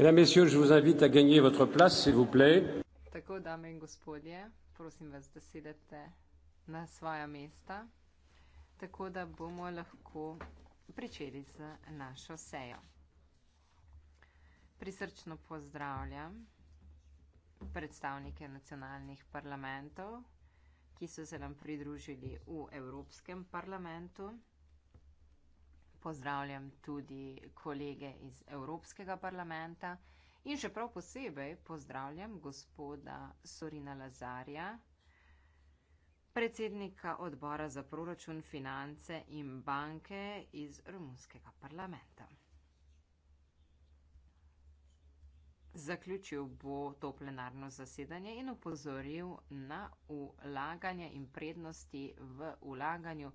Mesdames, Messieurs, je vous invite à gagner votre place, s'il vous plaît. Tako, dame in gospodje, prosim vas, da sedete na svoja mesta, tako da bomo lahko pričeli z našo sejo. Prisrčno pozdravljam predstavnike nacionalnih parlamentov, ki so se nam pridružili v Evropskem parlamentu pozdravljam tudi kolege iz Evropskega parlamenta in še prav posebej pozdravljam gospoda Sorina Lazarja, predsednika odbora za proračun, finance in banke iz Romunskega parlamenta. Zaključil bo to plenarno zasedanje in upozoril na ulaganje in prednosti v ulaganju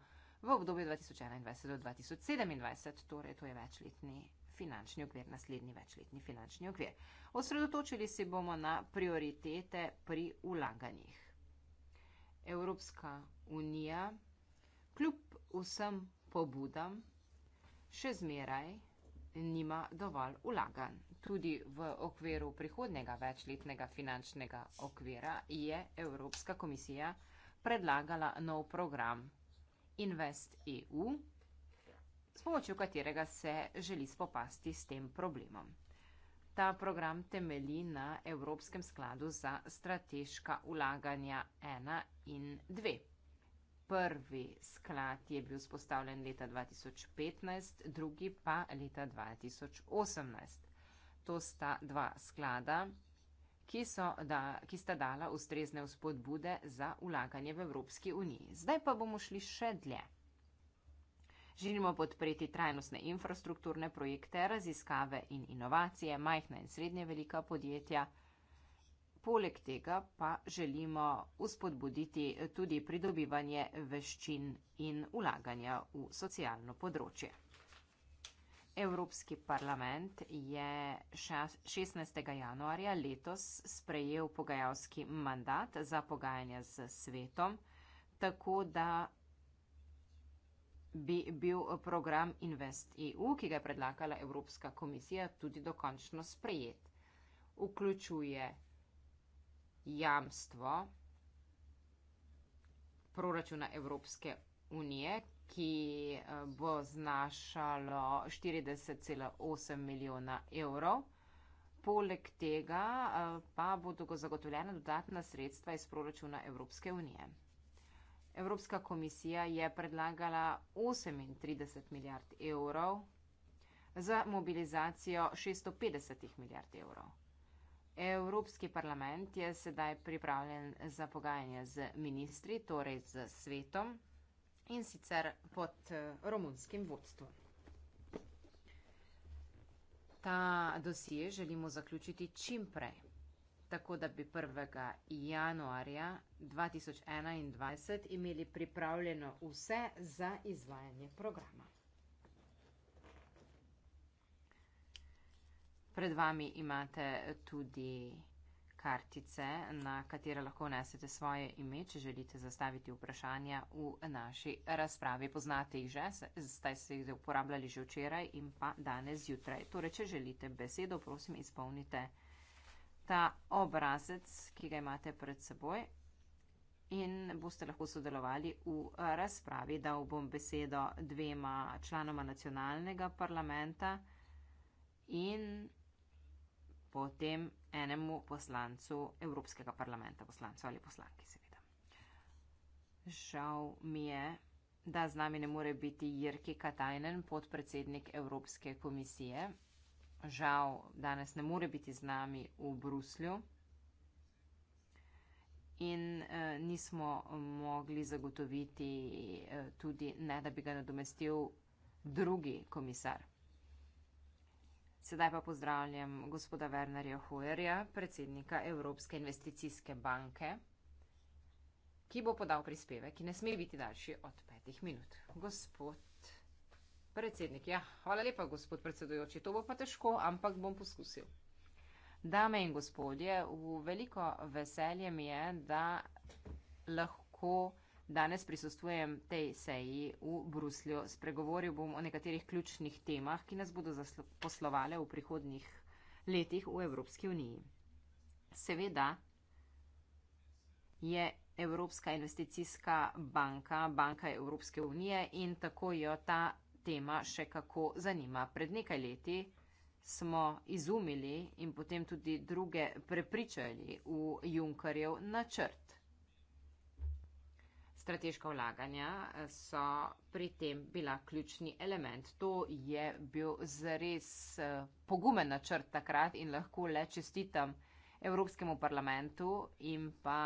v obdobju 2021 do 2027, torej to je večletni finančni okvir, naslednji večletni finančni okvir. Osredotočili se bomo na prioritete pri ulaganjih. Evropska unija kljub vsem pobudam še zmeraj nima dovolj ulaganj. Tudi v okviru prihodnega večletnega finančnega okvira je Evropska komisija predlagala nov program Invest.eu, s pomočjo katerega se želi spopasti s tem problemom. Ta program temelji na Evropskem skladu za strateška ulaganja 1 in 2. Prvi sklad je bil spostavljen leta 2015, drugi pa leta 2018. To sta dva sklada, ki, so, da, ki sta dala ustrezne vzpodbude za ulaganje v Evropski uniji. Zdaj pa bomo šli še dlje. Želimo podpreti trajnostne infrastrukturne projekte, raziskave in inovacije, majhna in srednje velika podjetja. Poleg tega pa želimo uspodbuditi tudi pridobivanje veščin in ulaganja v socialno področje. Evropski parlament je 16. januarja letos sprejel pogajalski mandat za pogajanja z svetom, tako da bi bil program Invest EU, ki ga je predlagala Evropska komisija, tudi dokončno sprejet. Vključuje jamstvo proračuna Evropske unije, ki eh, bo znašalo 40,8 milijona evrov. Poleg tega eh, pa bodo zagotovljena dodatna sredstva iz proračuna Evropske unije. Evropska komisija je predlagala 38 milijard evrov za mobilizacijo 650 milijard evrov. Evropski parlament je sedaj pripravljen za pogajanje z ministri, torej z svetom in sicer pod eh, romunskim vodstvom. Ta dosije želimo zaključiti čim prej, tako da bi 1. januarja 2021 imeli pripravljeno vse za izvajanje programa. Pred vami imate tudi kartice, na katere lahko nesete svoje ime, če želite zastaviti vprašanja v naši razpravi. Poznate jih že, zdaj ste jih uporabljali že včeraj in pa danes zjutraj. Torej, če želite besedo, prosim, izpolnite ta obrazec, ki ga imate pred seboj in boste lahko sodelovali v razpravi, da bom besedo dvema članoma nacionalnega parlamenta in potem enemu poslancu Evropskega parlamenta, poslancu ali poslanki, seveda. Žal mi je, da z nami ne more biti Jirki Katajnen, podpredsednik Evropske komisije. Žal danes ne more biti z nami v Bruslju. In e, nismo mogli zagotoviti e, tudi, ne da bi ga nadomestil drugi komisar. Sedaj pa pozdravljam gospoda Wernerja Hoerja, predsednika Evropske investicijske banke, ki bo podal prispevek, ki ne sme biti daljši od petih minut. Gospod predsednik, ja, hvala lepa, gospod predsedujoči, to bo pa težko, ampak bom poskusil. Dame in gospodje, v veliko veselje mi je, da lahko. Danes prisostujem tej seji v Bruslju. Spregovoril bom o nekaterih ključnih temah, ki nas bodo poslovale v prihodnjih letih v Evropski uniji. Seveda je Evropska investicijska banka banka Evropske unije in tako jo ta tema še kako zanima. Pred nekaj leti smo izumili in potem tudi druge prepričali v Junkarjev načrt strateška vlaganja eh, so pri tem bila ključni element. To je bil zares eh, pogumen načrt takrat in lahko le čestitam Evropskemu parlamentu in pa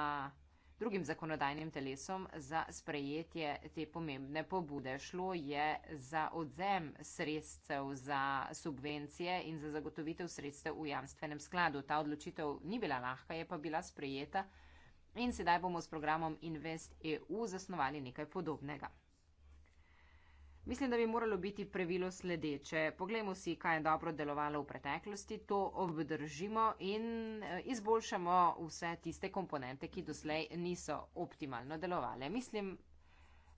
drugim zakonodajnim telesom za sprejetje te pomembne pobude. Šlo je za odzem sredstev za subvencije in za zagotovitev sredstev v jamstvenem skladu. Ta odločitev ni bila lahka, je pa bila sprejeta In sedaj bomo s programom Invest EU zasnovali nekaj podobnega. Mislim, da bi moralo biti pravilo sledeče. Poglejmo si, kaj je dobro delovalo v preteklosti, to obdržimo in eh, izboljšamo vse tiste komponente, ki doslej niso optimalno delovale. Mislim,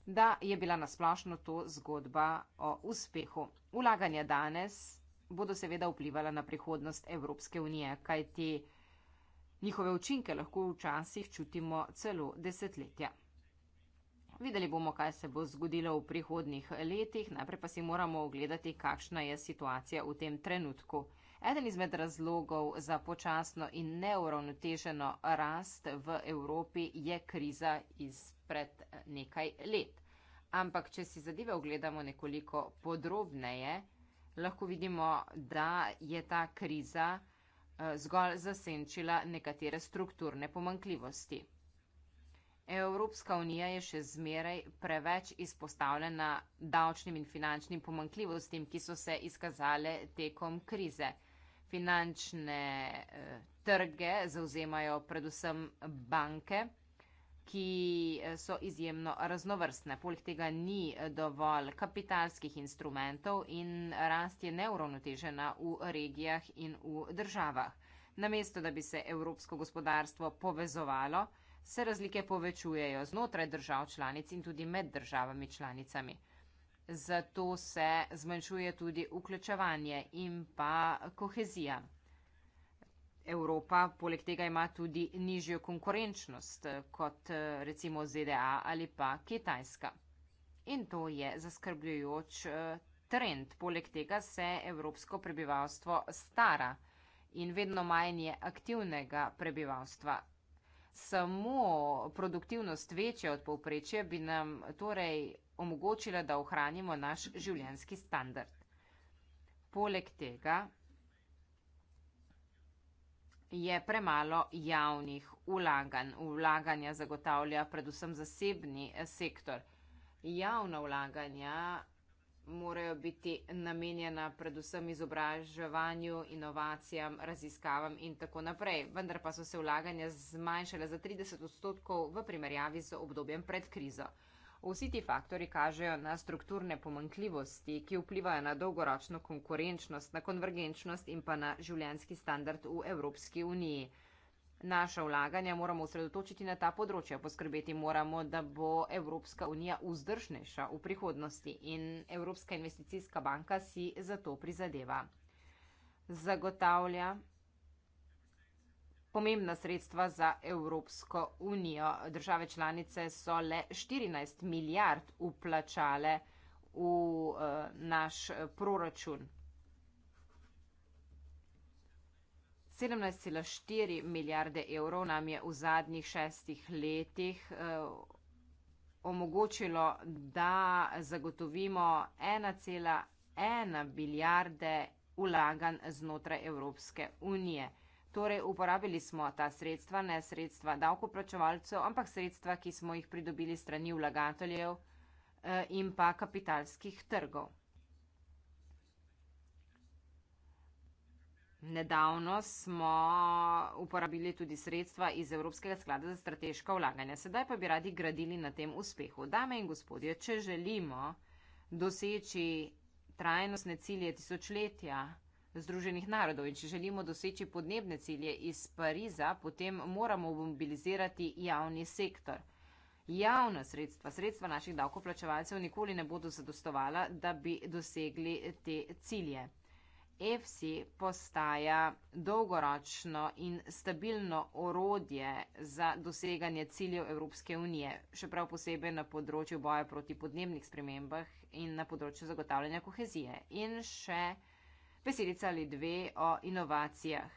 da je bila nasplošno to zgodba o uspehu. Ulaganja danes bodo seveda vplivala na prihodnost Evropske unije, kajti. Njihove učinke lahko včasih čutimo celo desetletja. Videli bomo, kaj se bo zgodilo v prihodnih letih, najprej pa si moramo ogledati, kakšna je situacija v tem trenutku. Eden izmed razlogov za počasno in neuravnoteženo rast v Evropi je kriza izpred nekaj let. Ampak, če si zadeve ogledamo nekoliko podrobneje, lahko vidimo, da je ta kriza. Eh, zgolj zasenčila nekatere strukturne pomankljivosti. Evropska unija je še zmeraj preveč izpostavljena davčnim in finančnim pomankljivostim, ki so se izkazale tekom krize. Finančne eh, trge zauzemajo predvsem banke ki eh, so izjemno raznovrstne. Poleg tega ni eh, dovolj kapitalskih instrumentov in rast je neuravnotežena v regijah in v državah. Namesto, da bi se evropsko gospodarstvo povezovalo, se razlike povečujejo znotraj držav članic in tudi med državami članicami. Zato se zmanjšuje tudi vključevanje in pa kohezija. Evropa poleg tega ima tudi nižjo konkurenčnost eh, kot eh, recimo ZDA ali pa Kitajska. In to je zaskrbljujoč eh, trend. Poleg tega se evropsko prebivalstvo stara in vedno manj je aktivnega prebivalstva. Samo produktivnost večja od povprečja bi nam torej omogočila, da ohranimo naš življenski standard. Poleg tega je premalo javnih vlaganj. Vlaganja zagotavlja predvsem zasebni eh, sektor. Javna vlaganja morajo biti namenjena predvsem izobraževanju, inovacijam, raziskavam in tako naprej. Vendar pa so se vlaganja zmanjšale za 30 odstotkov v primerjavi z obdobjem pred krizo. Vsi ti faktori kažejo na strukturne pomankljivosti, ki vplivajo na dolgoročno konkurenčnost, na konvergenčnost in pa na življenski standard v Evropski uniji. Naša vlaganja moramo osredotočiti na ta področja, poskrbeti moramo, da bo Evropska unija vzdržnejša v prihodnosti in Evropska investicijska banka si za to prizadeva. Zagotavlja pomembna sredstva za Evropsko unijo. Države članice so le 14 milijard uplačale v eh, naš eh, proračun. 17,4 milijarde evrov nam je v zadnjih šestih letih eh, omogočilo, da zagotovimo 1,1 milijarde vlagan znotraj Evropske unije. Torej, uporabili smo ta sredstva, ne sredstva davkoplačevalcev, ampak sredstva, ki smo jih pridobili strani vlagateljev eh, in pa kapitalskih trgov. Nedavno smo uporabili tudi sredstva iz Evropskega sklada za strateška vlaganja. Sedaj pa bi radi gradili na tem uspehu. Dame in gospodje, če želimo doseči trajnostne cilje tisočletja, Združenih narodov in če želimo doseči podnebne cilje iz Pariza, potem moramo mobilizirati javni sektor. Javna sredstva, sredstva naših davkoplačevalcev nikoli ne bodo zadostovala, da bi dosegli te cilje. FC postaja dolgoročno in stabilno orodje za doseganje ciljev Evropske unije, še prav posebej na področju boja proti podnebnih spremembah in na področju zagotavljanja kohezije. In še besedica ali dve o inovacijah.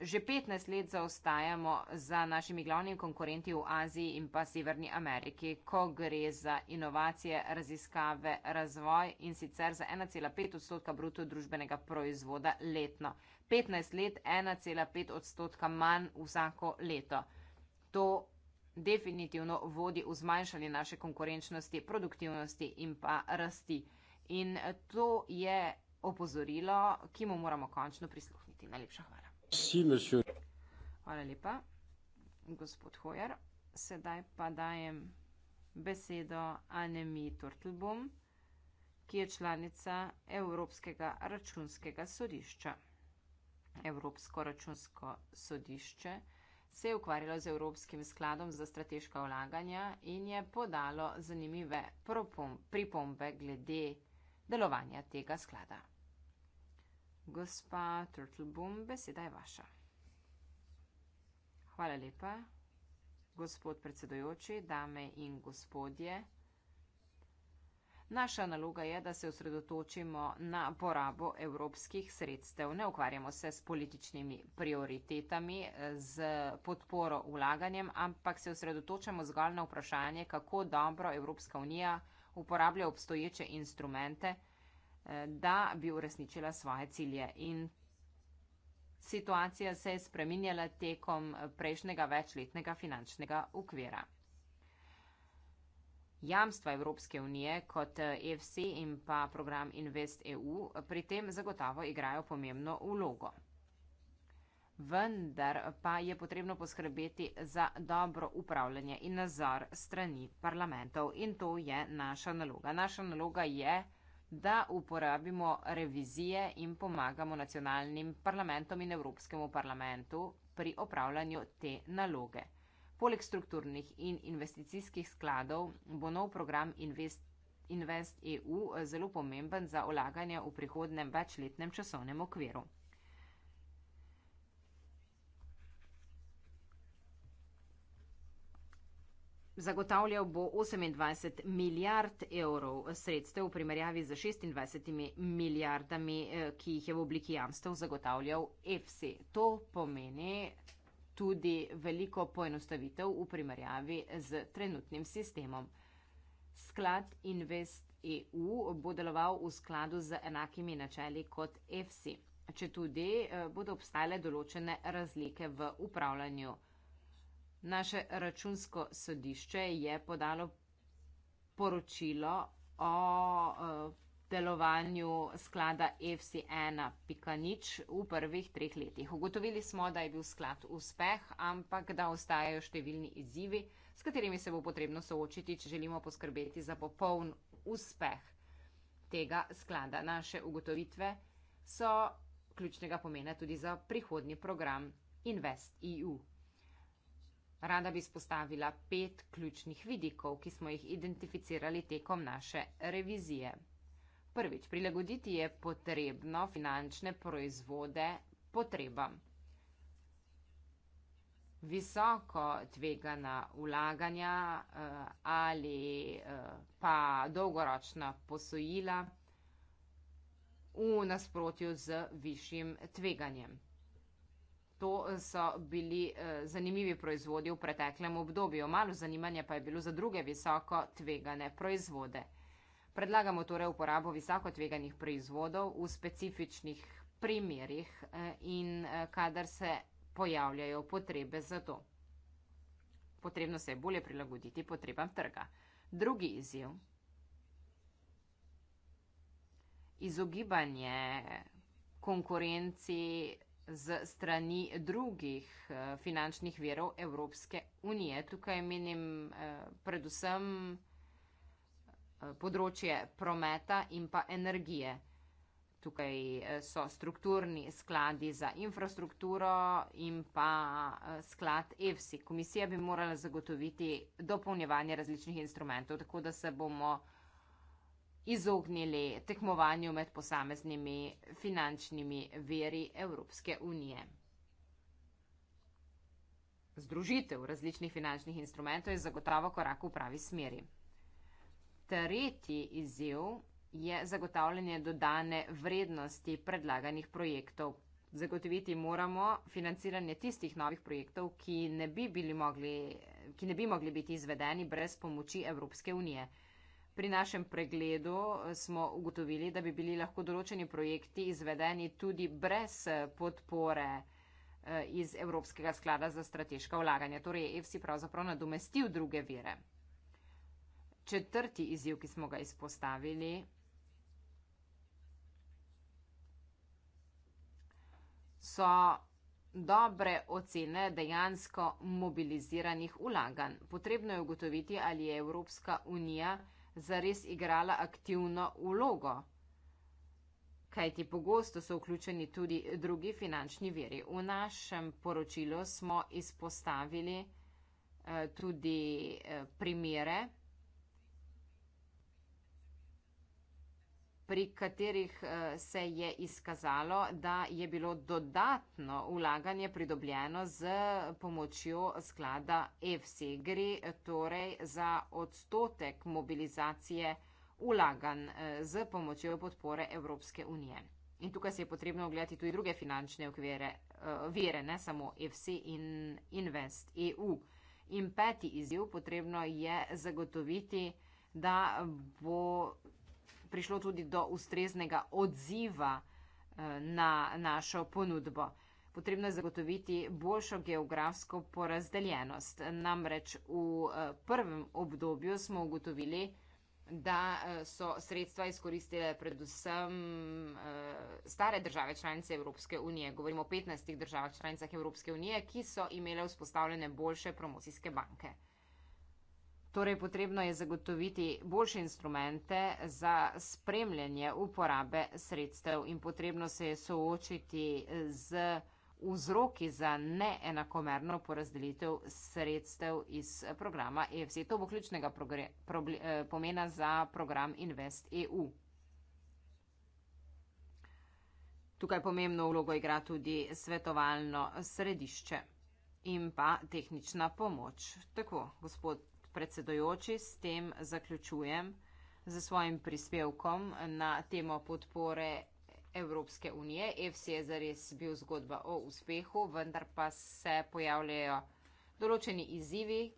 Že 15 let zaostajamo za našimi glavnimi konkurenti v Aziji in pa Severni Ameriki, ko gre za inovacije, raziskave, razvoj in sicer za 1,5 odstotka bruto družbenega proizvoda letno. 15 let 1,5 odstotka manj vsako leto. To definitivno vodi v zmanjšanje naše konkurenčnosti, produktivnosti in pa rasti. In to je opozorilo, ki mu moramo končno prisluhniti. Najlepša hvala. Hvala lepa, gospod Hojer. Sedaj pa dajem besedo Anemi Turtlbom, ki je članica Evropskega računskega sodišča. Evropsko računsko sodišče se je ukvarjalo z Evropskim skladom za strateška vlaganja in je podalo zanimive pripombe glede delovanja tega sklada. Gospa Turtlebum, beseda je vaša. Hvala lepa, gospod predsedojoči, dame in gospodje. Naša naloga je, da se osredotočimo na porabo evropskih sredstev. Ne ukvarjamo se s političnimi prioritetami, z podporo vlaganjem, ampak se osredotočamo zgolj na vprašanje, kako dobro Evropska unija uporablja obstoječe instrumente, eh, da bi uresničila svoje cilje. In situacija se je spreminjala tekom prejšnjega večletnega finančnega ukvira. Jamstva Evropske unije kot EFSI eh, e in pa program InvestEU pri tem zagotovo igrajo pomembno vlogo vendar pa je potrebno poskrbeti za dobro upravljanje in nazor strani parlamentov. In to je naša naloga. Naša naloga je, da uporabimo revizije in pomagamo nacionalnim parlamentom in Evropskemu parlamentu pri opravljanju te naloge. Poleg strukturnih in investicijskih skladov bo nov program Invest. InvestEU zelo pomemben za ulaganje v prihodnem večletnem časovnem okviru. Zagotavljal bo 28 milijard evrov sredstev v primerjavi z 26 milijardami, eh, ki jih je v obliki jamstev zagotavljal FC. To pomeni tudi veliko poenostavitev v primerjavi z trenutnim sistemom. Sklad Invest EU bo deloval v skladu z enakimi načeli kot FC, če tudi eh, bodo obstale določene razlike v upravljanju. Naše računsko sodišče je podalo poročilo o eh, delovanju sklada EFSI1.nič v prvih treh letih. Ugotovili smo, da je bil sklad uspeh, ampak da ostajajo številni izzivi, s katerimi se bo potrebno soočiti, če želimo poskrbeti za popoln uspeh tega sklada. Naše ugotovitve so ključnega pomena tudi za prihodni program InvestEU. Rada bi spostavila pet ključnih vidikov, ki smo jih identificirali tekom naše revizije. Prvič, prilagoditi je potrebno finančne proizvode potrebam. Visoko tvegana vlaganja eh, ali eh, pa dolgoročna posojila v nasprotju z višjim tveganjem. To so bili eh, zanimivi proizvodi v preteklem obdobju, malo zanimanja pa je bilo za druge visoko tvegane proizvode. Predlagamo torej uporabo visoko tveganih proizvodov v specifičnih primerjih eh, in eh, kadar se pojavljajo potrebe za to. Potrebno se je bolje prilagoditi potrebam trga. Drugi izjiv. Izogibanje konkurenci z strani drugih eh, finančnih verov Evropske unije. Tukaj menim eh, predvsem eh, področje prometa in pa energije. Tukaj so strukturni skladi za infrastrukturo in pa sklad EFSI. Komisija bi morala zagotoviti dopolnjevanje različnih instrumentov, tako da se bomo izognili tekmovanju med posameznimi finančnimi veri Evropske unije. Združitev različnih finančnih instrumentov je zagotovo korak v pravi smeri. Tretji izziv je zagotavljanje dodane vrednosti predlaganih projektov. Zagotoviti moramo financiranje tistih novih projektov, ki ne bi, mogli, ki ne bi mogli biti izvedeni brez pomoči Evropske unije. Pri našem pregledu eh, smo ugotovili, da bi bili lahko določeni projekti izvedeni tudi brez eh, podpore eh, iz Evropskega sklada za strateška vlaganja. Torej je EFSI pravzaprav nadomestil druge vire. Četrti izziv, ki smo ga izpostavili, so dobre ocene dejansko mobiliziranih vlaganj. Potrebno je ugotoviti, ali je Evropska unija zares igrala aktivno vlogo, kajti pogosto so vključeni tudi drugi finančni veri. V našem poročilu smo izpostavili eh, tudi eh, primere, pri katerih eh, se je izkazalo, da je bilo dodatno ulaganje pridobljeno z pomočjo sklada EFSEGRI, eh, torej za odstotek mobilizacije ulagan eh, z pomočjo podpore Evropske unije. In tukaj se je potrebno ogledati tudi druge finančne okvire, vire, ne samo FC in Invest EU. In peti izziv, potrebno je zagotoviti, da bo prišlo tudi do ustreznega odziva eh, na našo ponudbo. Potrebno je zagotoviti boljšo geografsko porazdeljenost. Namreč v eh, prvem obdobju smo ugotovili, da eh, so sredstva izkoristile predvsem stare države članice Evropske unije. Govorimo o 15 državah članicah Evropske unije, ki so imele vzpostavljene boljše promocijske banke. Torej, potrebno je zagotoviti boljše instrumente za spremljanje uporabe sredstev in potrebno se je soočiti z vzroki za neenakomerno porazdelitev sredstev iz programa EFC. To bo ključnega eh, pomena za program Invest EU. Tukaj pomembno vlogo igra tudi svetovalno središče in pa tehnična pomoč. Tako, gospod predsedojoči, s tem zaključujem za svojim prispevkom na temo podpore Evropske unije. EFS je zares bil zgodba o uspehu, vendar pa se pojavljajo določeni izzivi,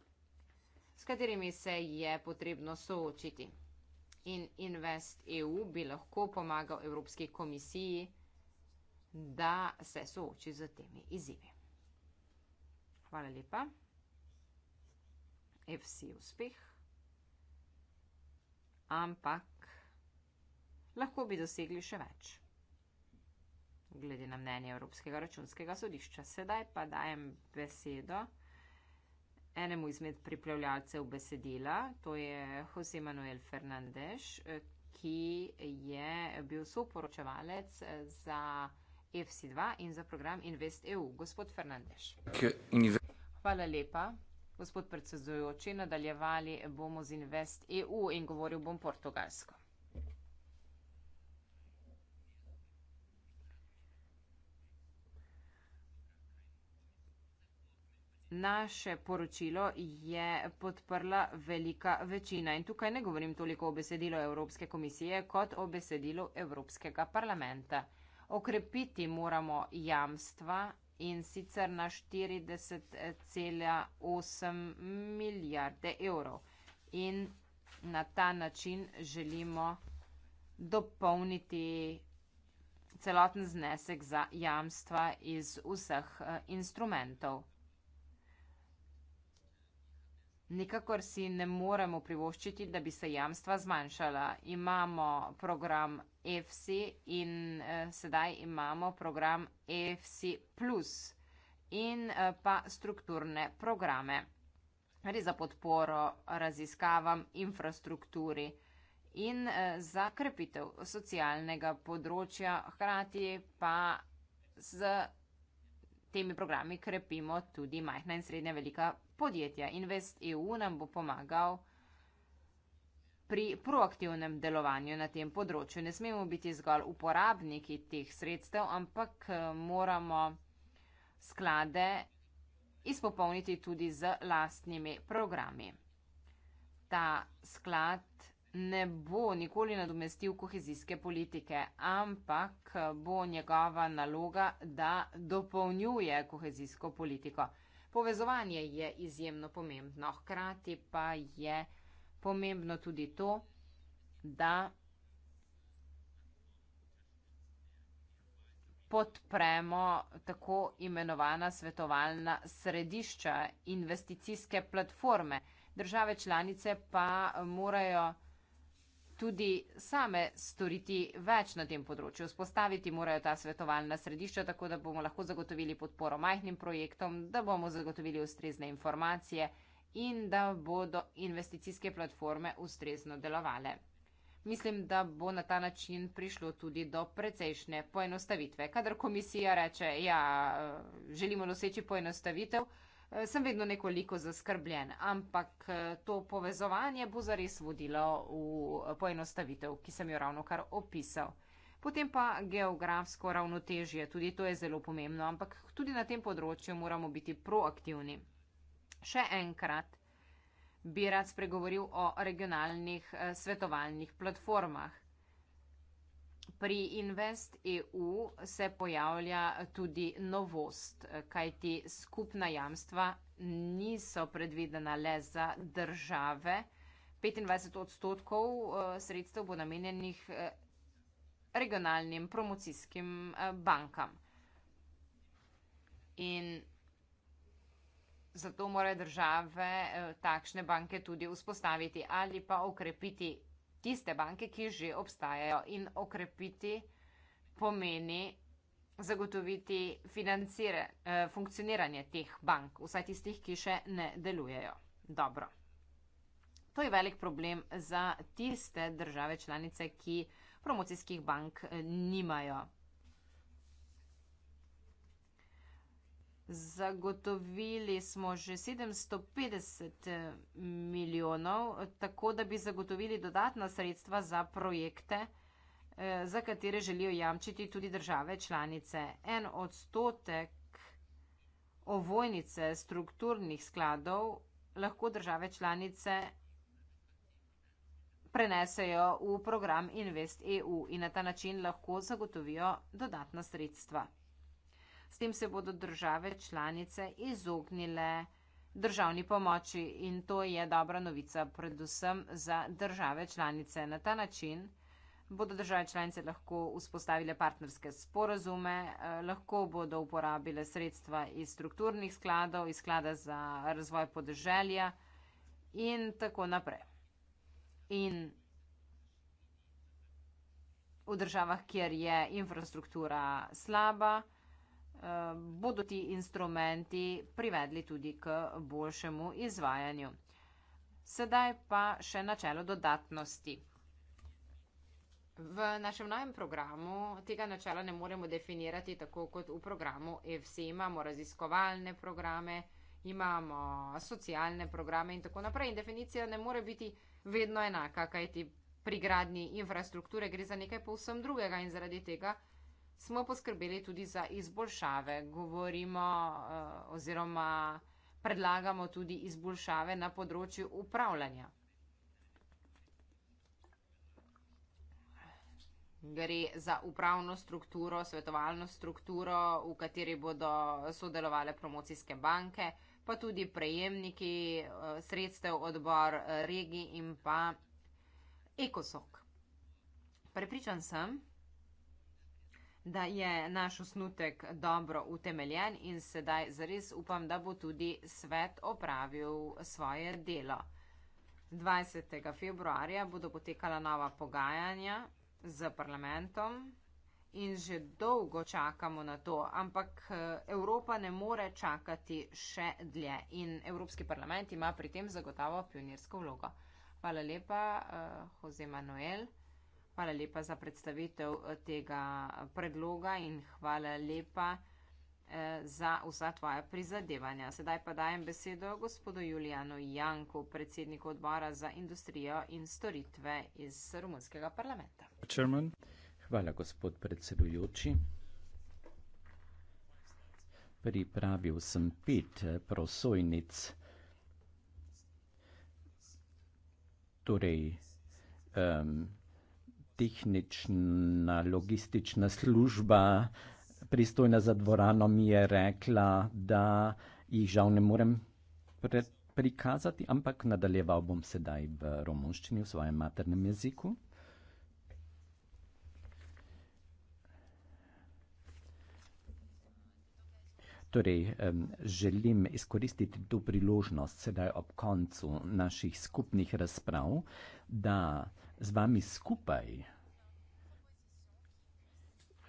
s katerimi se je potrebno soočiti. In Invest EU bi lahko pomagal Evropski komisiji, da se sooči z temi izzivi. Hvala lepa. FC uspeh, ampak lahko bi dosegli še več. Glede na mnenje Evropskega računskega sodišča. Sedaj pa dajem besedo enemu izmed pripravljalcev besedila, to je Jose Manuel Fernandez, ki je bil soporočevalec za FC2 in za program InvestEU. Gospod Fernandez. Hvala lepa. Gospod predsedujoči, nadaljevali bomo z Invest EU in govoril bom portugalsko. Naše poročilo je podprla velika večina in tukaj ne govorim toliko o besedilu Evropske komisije kot o besedilu Evropskega parlamenta. Okrepiti moramo jamstva in sicer na 40,8 milijarde evrov. In na ta način želimo dopolniti celoten znesek za jamstva iz vseh eh, instrumentov. Nikakor si ne moremo privoščiti, da bi se jamstva zmanjšala. Imamo program FC in eh, sedaj imamo program FC plus in eh, pa strukturne programe. Res za podporo raziskavam, infrastrukturi in eh, za krepitev socialnega področja, hkrati pa z temi programi krepimo tudi majhna in srednja velika podjetja. Invest EU nam bo pomagal pri proaktivnem delovanju na tem področju. Ne smemo biti zgolj uporabniki teh sredstev, ampak eh, moramo sklade izpopolniti tudi z lastnimi programi. Ta sklad ne bo nikoli nadomestil kohezijske politike, ampak eh, bo njegova naloga, da dopolnjuje kohezijsko politiko. Povezovanje je izjemno pomembno, hkrati pa je pomembno tudi to, da podpremo tako imenovana svetovalna središča, investicijske platforme. Države članice pa morajo tudi same storiti več na tem področju. Vzpostaviti morajo ta svetovalna središča, tako da bomo lahko zagotovili podporo majhnim projektom, da bomo zagotovili ustrezne informacije in da bodo investicijske platforme ustrezno delovale. Mislim, da bo na ta način prišlo tudi do precejšnje poenostavitve. Kadar komisija reče, ja, želimo doseči poenostavitev, Eh, sem vedno nekoliko zaskrbljen, ampak eh, to povezovanje bo zares vodilo v poenostavitev, ki sem jo ravno kar opisal. Potem pa geografsko ravnotežje, tudi to je zelo pomembno, ampak tudi na tem področju moramo biti proaktivni. Še enkrat bi rad spregovoril o regionalnih eh, svetovalnih platformah. Pri InvestEU se pojavlja tudi novost, kajti skupna jamstva niso predvidena le za države. 25 odstotkov eh, sredstev bo namenjenih eh, regionalnim promocijskim eh, bankam. In zato morajo države takšne banke tudi vzpostaviti ali pa okrepiti tiste banke, ki že obstajajo. In okrepiti pomeni zagotoviti eh, funkcioniranje teh bank, vsaj tistih, ki še ne delujejo dobro. To je velik problem za tiste države članice, ki promocijskih bank eh, nimajo Zagotovili smo že 750 eh, milijonov, tako da bi zagotovili dodatna sredstva za projekte, eh, za katere želijo jamčiti tudi države članice. En odstotek ovojnice strukturnih skladov lahko države članice prenesejo v program InvestEU in na ta način lahko zagotovijo dodatna sredstva. S tem se bodo države članice izognile državni pomoči in to je dobra novica predvsem za države članice. Na ta način bodo države članice lahko vzpostavile partnerske sporazume, eh, lahko bodo uporabile sredstva iz strukturnih skladov, iz sklada za razvoj podeželja in tako naprej. In v državah, kjer je infrastruktura slaba, bodo ti instrumenti privedli tudi k boljšemu izvajanju. Sedaj pa še načelo dodatnosti. V našem novem programu tega načela ne moremo definirati tako kot v programu EFC. Imamo raziskovalne programe, imamo socialne programe in tako naprej. In definicija ne more biti vedno enaka, kajti pri gradni infrastrukture gre za nekaj povsem drugega in zaradi tega smo poskrbeli tudi za izboljšave. Govorimo eh, oziroma predlagamo tudi izboljšave na področju upravljanja. Gre za upravno strukturo, svetovalno strukturo, v kateri bodo sodelovale promocijske banke, pa tudi prejemniki eh, sredstev odbor eh, regi in pa ekosok. Prepričan sem, da je naš osnutek dobro utemeljen in sedaj zares upam, da bo tudi svet opravil svoje delo. 20. februarja bodo potekala nova pogajanja z parlamentom in že dolgo čakamo na to, ampak eh, Evropa ne more čakati še dlje in Evropski parlament ima pri tem zagotovo pionirsko vlogo. Hvala lepa, eh, Jose Manuel. Hvala lepa za predstavitev eh, tega eh, predloga in hvala lepa eh, za vsa tvoja prizadevanja. Sedaj pa dajem besedo gospodu Julijanu Janku, predsedniku odbora za industrijo in storitve iz Romunskega parlamenta. Chairman. Hvala, gospod predsedujoči. Pripravil sem pet prosojnic. Torej, um, tehnična logistična služba, pristojna za dvorano, mi je rekla, da jih žal ne morem pre, prikazati, ampak nadaljeval bom sedaj v romunščini, v svojem maternem jeziku. Torej, um, želim izkoristiti to priložnost sedaj ob koncu naših skupnih razprav, da z vami skupaj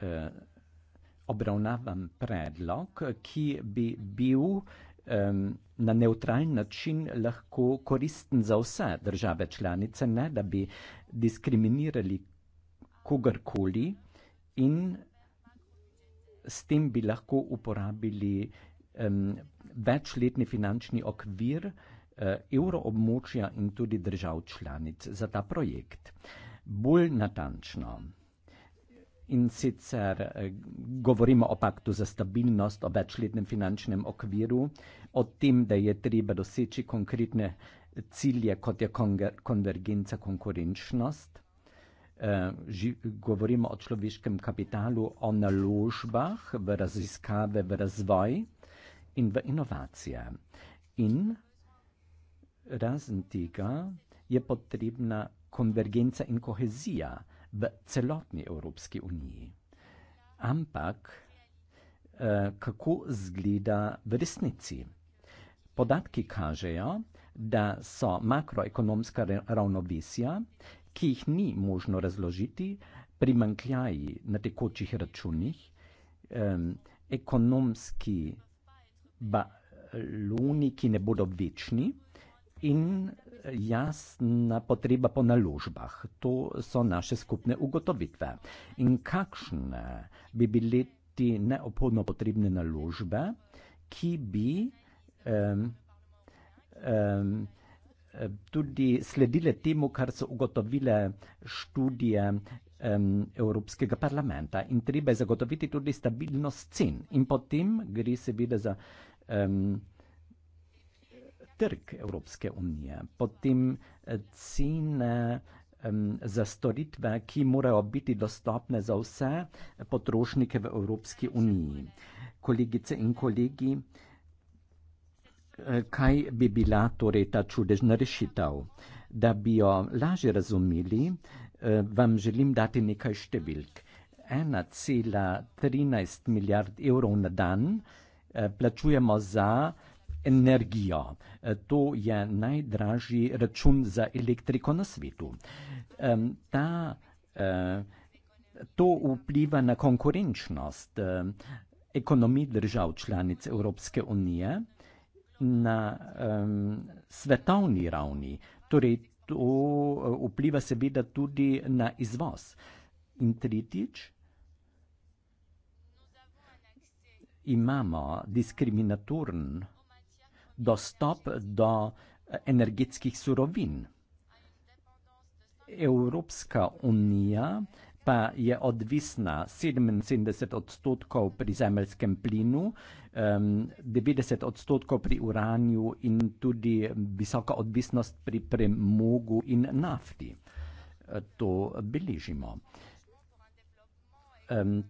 eh, obravnavam predlog, ki bi bil na neutralen način lahko koristen za vse države članice, ne da bi diskriminirali kogarkoli in s tem bi lahko uporabili večletni finančni okvir, Eh, evroobmočja in tudi držav članic za ta projekt. Bolj natančno in sicer eh, govorimo o paktu za stabilnost, o večletnem finančnem okviru, o tem, da je treba doseči konkretne cilje, kot je konger, konvergenca, konkurenčnost. Eh, ži, govorimo o človeškem kapitalu, o naložbah v raziskave, v razvoj in v inovacije. In razen tega je potrebna konvergenca in kohezija v celotni Evropski uniji. Ampak eh, kako zgleda v resnici? Podatki kažejo, da so makroekonomska ravnovesja, ki jih ni možno razložiti, primankljaji na tekočih računih, ekonomski baloni, ki ne bodo večni, in jasna potreba po naložbah. To so naše skupne ugotovitve. In kakšne bi bile ti neophodno potrebne naložbe, ki bi um, um, tudi sledile temu, kar so ugotovile študije um, Evropskega parlamenta. In treba je zagotoviti tudi stabilnost cen. In potem gre seveda za. Um, trg Evropske unije, potem eh, cene za storitve, ki morajo biti dostopne za vse potrošnike v Evropski uniji. Kolegice in kolegi, eh, kaj bi bila torej ta čudežna rešitev? Da bi jo lažje razumeli, eh, vam želim dati nekaj številk. 1,13 milijard evrov na dan plačujemo za energijo. Eh, to je najdražji račun za elektriko na svetu. Ta, eh, to vpliva na konkurenčnost eh, ekonomij držav članic Evropske unije na svetovni ravni. Torej, to vpliva seveda tudi na izvoz. In tretjič, imamo diskriminatorn dostop do eh, energetskih surovin. Evropska unija pa je odvisna 77 odstotkov pri zemljskem plinu, 90 odstotkov pri uranju in tudi visoka odvisnost pri premogu in nafti. Eh, to beležimo.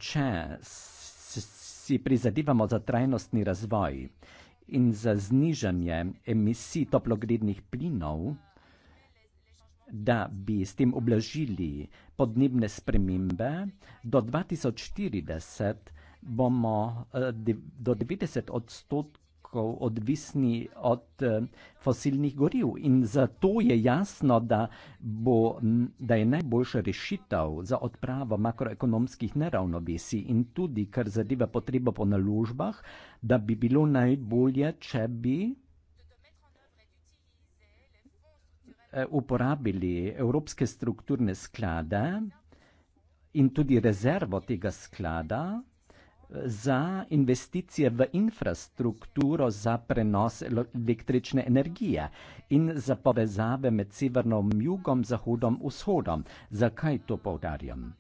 Če si prizadevamo za trajnostni razvoj in za znižanje emisij toplogrednih plinov, da bi s tem oblažili podnebne spremembe, do 2040 bomo eh, do 90 odstotkov nekako odvisni od eh, fosilnih goriv. In zato je jasno, da, bo, da je najboljša rešitev za odpravo makroekonomskih neravnovesij in tudi, kar zadeva potrebo po naložbah, da bi bilo najbolje, če bi eh, uporabili evropske strukturne sklade in tudi rezervo tega sklada za investicije v infrastrukturo za prenos električne energije in za povezave med severnom jugom, zahodom in vzhodom. Zakaj to povdarjam?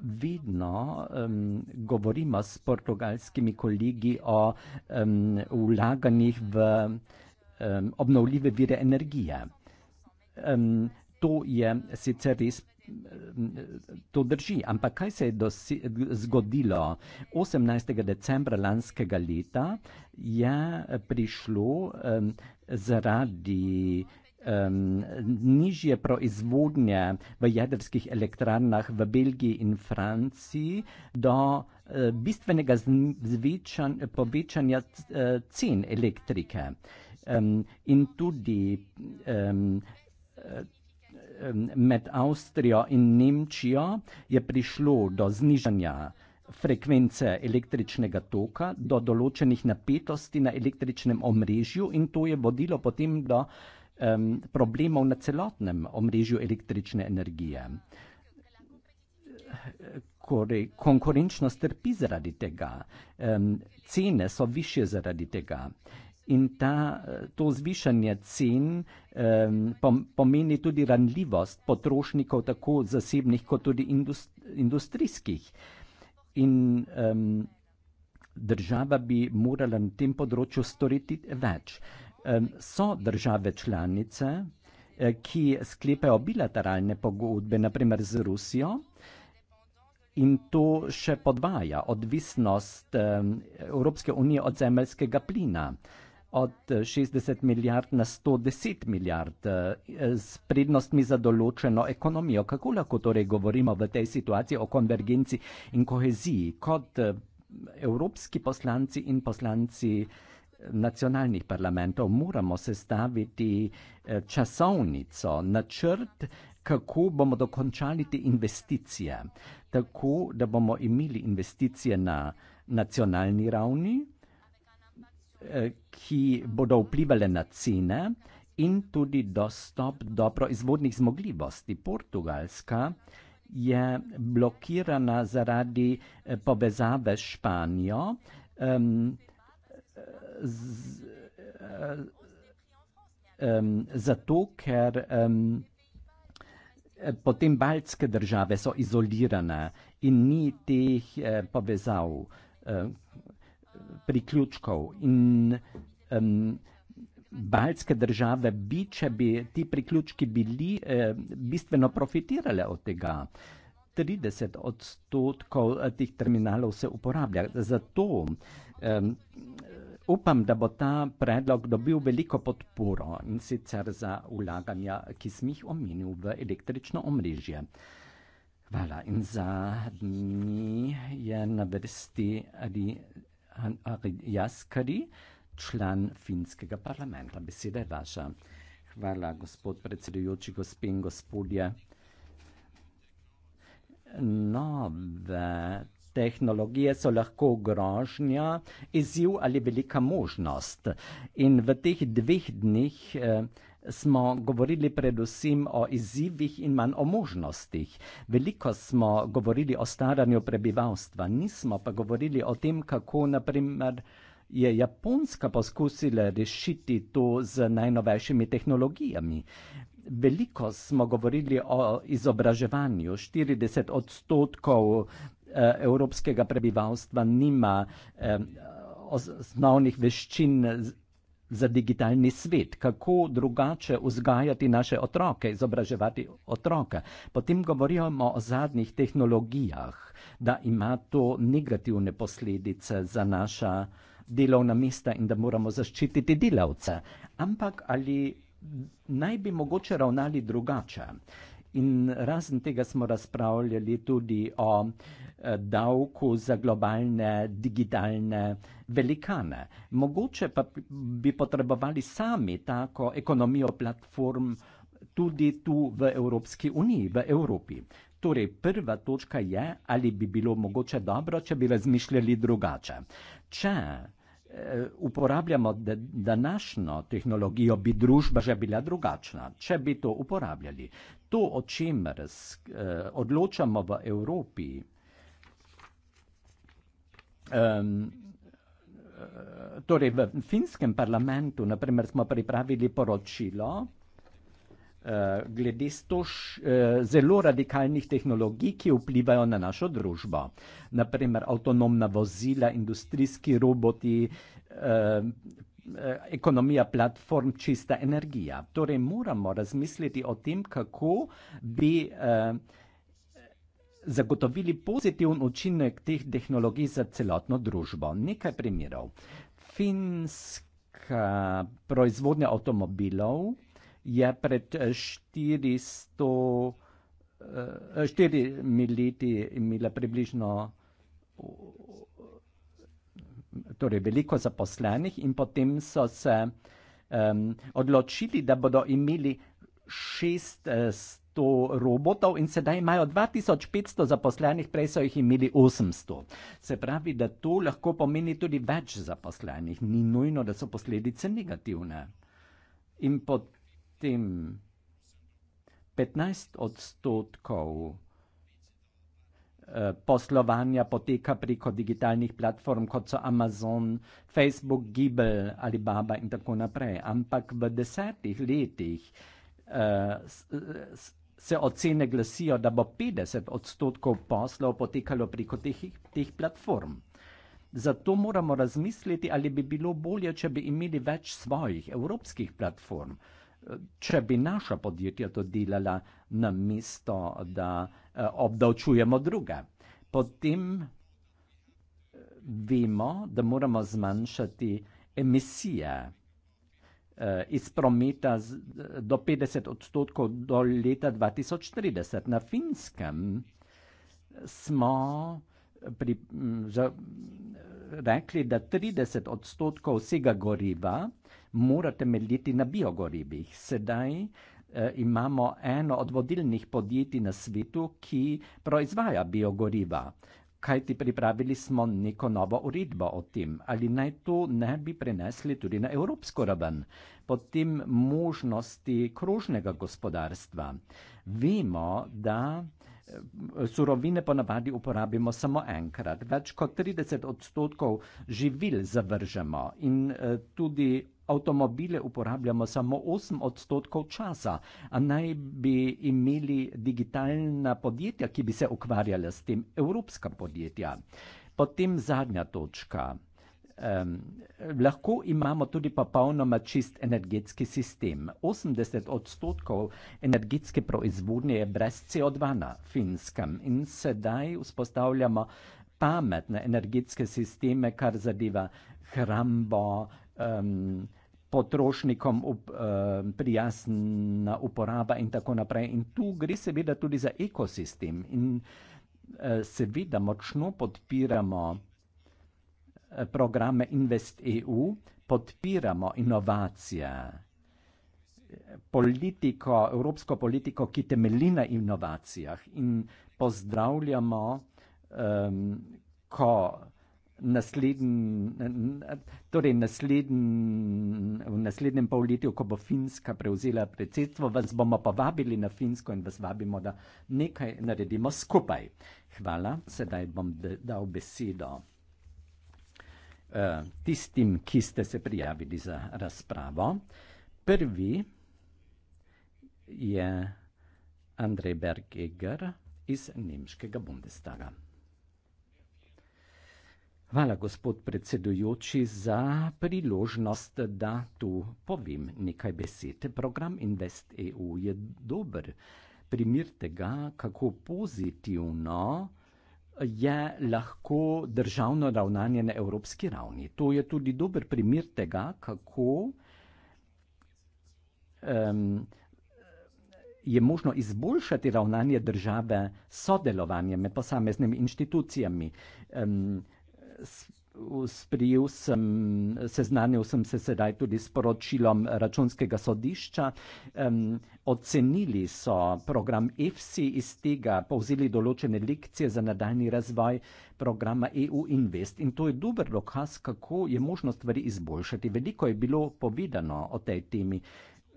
Vedno um, govorimo s portugalskimi kolegi o um, vlaganjih v um, obnovljive vire energije. Um, to je sicer res To drži, ampak kaj se je dosi, zgodilo? 18. decembra lanskega leta je prišlo um, zaradi um, nižje proizvodnje v jedrskih elektrarnah v Belgiji in Franciji do uh, bistvenega zvečan, povečanja uh, cen elektrike um, in tudi um, med Avstrijo in Nemčijo je prišlo do znižanja frekvence električnega toka, do določenih napetosti na električnem omrežju in to je vodilo potem do um, problemov na celotnem omrežju električne energije. Kore, konkurenčnost trpi zaradi tega, um, cene so više zaradi tega in ta, eh, to zvišanje cen um, pomeni tudi ranljivost potrošnikov, tako zasebnih kot tudi indust, industrijskih. In um, država bi morala na tem področju storiti več. Um, so države članice, eh, ki sklepajo bilateralne pogodbe, naprimer z Rusijo. In to še podvaja odvisnost um, Evropske unije od zemeljskega plina. Uh, od 60 eh, milijard na 110 milijard eh, z prednostmi za določeno ekonomijo. Kako lahko torej govorimo v tej situaciji o konvergenci in koheziji kot eh, evropski poslanci in poslanci nacionalnih parlamentov? Moramo sestaviti časovnico, načrt, kako bomo dokončali te investicije, tako da bomo imeli investicije na nacionalni ravni. Eh, ki bodo vplivali na cene in tudi dostop do proizvodnih zmogljivosti. Portugalska je blokirana zaradi eh, povezave s Španijo. Um, z, um, zato, ker um, potem baltske države so izolirane in ni teh eh, povezav. Um, priključkov in um, baljske države bi, če bi ti priključki bili, eh, bistveno profitirale od tega. 30 odstotkov tih eh, terminalov se uporablja. Zato um, upam, da bo ta predlog dobil veliko podporo in sicer za ulaganja, ki sem jih omenil v električno omrežje. Hvala. In zadnji je na vrsti Ari Jaskari, član finskega parlamenta. Beseda je vaša. Hvala, gospod predsedujoči, gospe in gospodje. Nove tehnologije so lahko grožnja, izziv ali velika možnost. In v teh dveh dneh eh, smo govorili predvsem o izzivih in manj o možnostih. Veliko smo govorili o staranju prebivalstva, nismo pa govorili o tem, kako naprimer je Japonska poskusila rešiti to z najnovejšimi tehnologijami. Veliko smo govorili o izobraževanju. 40 odstotkov eh, evropskega prebivalstva nima eh, osnovnih veščin za digitalni svet, kako drugače vzgajati naše otroke, izobraževati otroke. Potem govorimo o zadnjih tehnologijah, da ima to negativne posledice za naša delovna mesta in da moramo zaščititi delavce. Ampak ali naj bi mogoče ravnali drugače? In razen tega smo razpravljali tudi o eh, davku za globalne digitalne velikane. Mogoče pa bi potrebovali sami tako ekonomijo platform tudi tu v Evropski uniji, v Evropi. Torej, prva točka je, ali bi bilo mogoče dobro, če bi razmišljali drugače. Če Eh, uporabljamo današnjo tehnologijo, bi družba že bila drugačna, če bi to uporabljali. To, o čemer eh, odločamo v Evropi, um, torej v finskem parlamentu, naprimer, smo pripravili poročilo, uh, glede stoš uh, eh, zelo radikalnih tehnologij, ki vplivajo na našo družbo. Naprimer, avtonomna vozila, industrijski roboti. Uh, Ekonomija, platform, čista energija. Torej, moramo razmisliti o tem, kako bi eh, zagotovili pozitiven učinek teh tehnologij za celotno družbo. Nekaj primerov. Finska proizvodnja avtomobilov je pred 400, 4 leti imela približno torej veliko zaposlenih in potem so se um, odločili, da bodo imeli 600 eh, robotov in sedaj imajo 2500 zaposlenih, prej so jih imeli 800. Se pravi, da to lahko pomeni tudi več zaposlenih, ni nujno, da so posledice negativne. In potem tem 15 odstotkov eh, poslovanja poteka preko digitalnih platform, kot so Amazon, Facebook, Google, Alibaba in tako naprej. Ampak v desetih letih eh, se ocene glasijo, da bo 50 odstotkov poslov potekalo preko teh, teh platform. Zato moramo razmisliti, ali bi bilo bolje, če bi imeli več svojih evropskih platform če bi naša podjetja to delala na mesto, da eh, obdavčujemo druge. Potem eh, vemo, da moramo zmanjšati emisije eh, iz prometa do 50 odstotkov do leta 2030. Na finskem smo pri, že mm, rekli, da 30 odstotkov vsega goriva mora temeljiti na biogorivih. Sedaj eh, imamo eno od vodilnih podjetij na svetu, ki proizvaja biogoriva. Kaj ti pripravili smo neko novo uredbo o tem, ali naj to ne bi prenesli tudi na evropsko raven, potem možnosti krožnega gospodarstva. Vemo, da eh, surovine ponavadi uporabimo samo enkrat, več kot 30 odstotkov živil zavržemo in eh, tudi avtomobile uporabljamo samo 8 odstotkov časa, a naj bi imeli digitalna podjetja, ki bi se ukvarjala s tem, evropska podjetja. Potem zadnja točka. Um, lahko imamo tudi popolnoma čist energetski sistem. 80 odstotkov energetske proizvodnje je brez CO2 na finskem in sedaj vzpostavljamo pametne energetske sisteme, kar zadeva hrambo, uh, um, potrošnikom up, uh, prijazna uporaba in tako naprej. In tu gre seveda tudi za ekosistem in uh, seveda močno podpiramo e, programe InvestEU, podpiramo inovacije. Politiko, evropsko politiko, ki temelji na inovacijah, in pozdravljamo, um, ko naslednji, torej naslednji, v naslednjem polletju, ko bo Finska prevzela predsedstvo, vas bomo povabili na Finsko in vas vabimo, da nekaj naredimo skupaj. Hvala, sedaj bom dal besedo uh, tistim, ki ste se prijavili za razpravo. Prvi je Andrej Bergeger iz Nemškega Bundestaga. Hvala, gospod predsedujoči, za priložnost, da tu povem nekaj besed. Program Invest EU je dober primer tega, kako pozitivno je lahko državno ravnanje na evropski ravni. To je tudi dober primer tega, kako um, je možno izboljšati ravnanje države s sodelovanjem med posameznimi inštitucijami. Um, Sprijel sem, seznanil sem se sedaj tudi s poročilom računskega sodišča. Um, ocenili so program EFSI iz tega, povzeli določene lekcije za nadaljni razvoj programa EU Invest in to je dober dokaz, kako je možno stvari izboljšati. Veliko je bilo povedano o tej temi.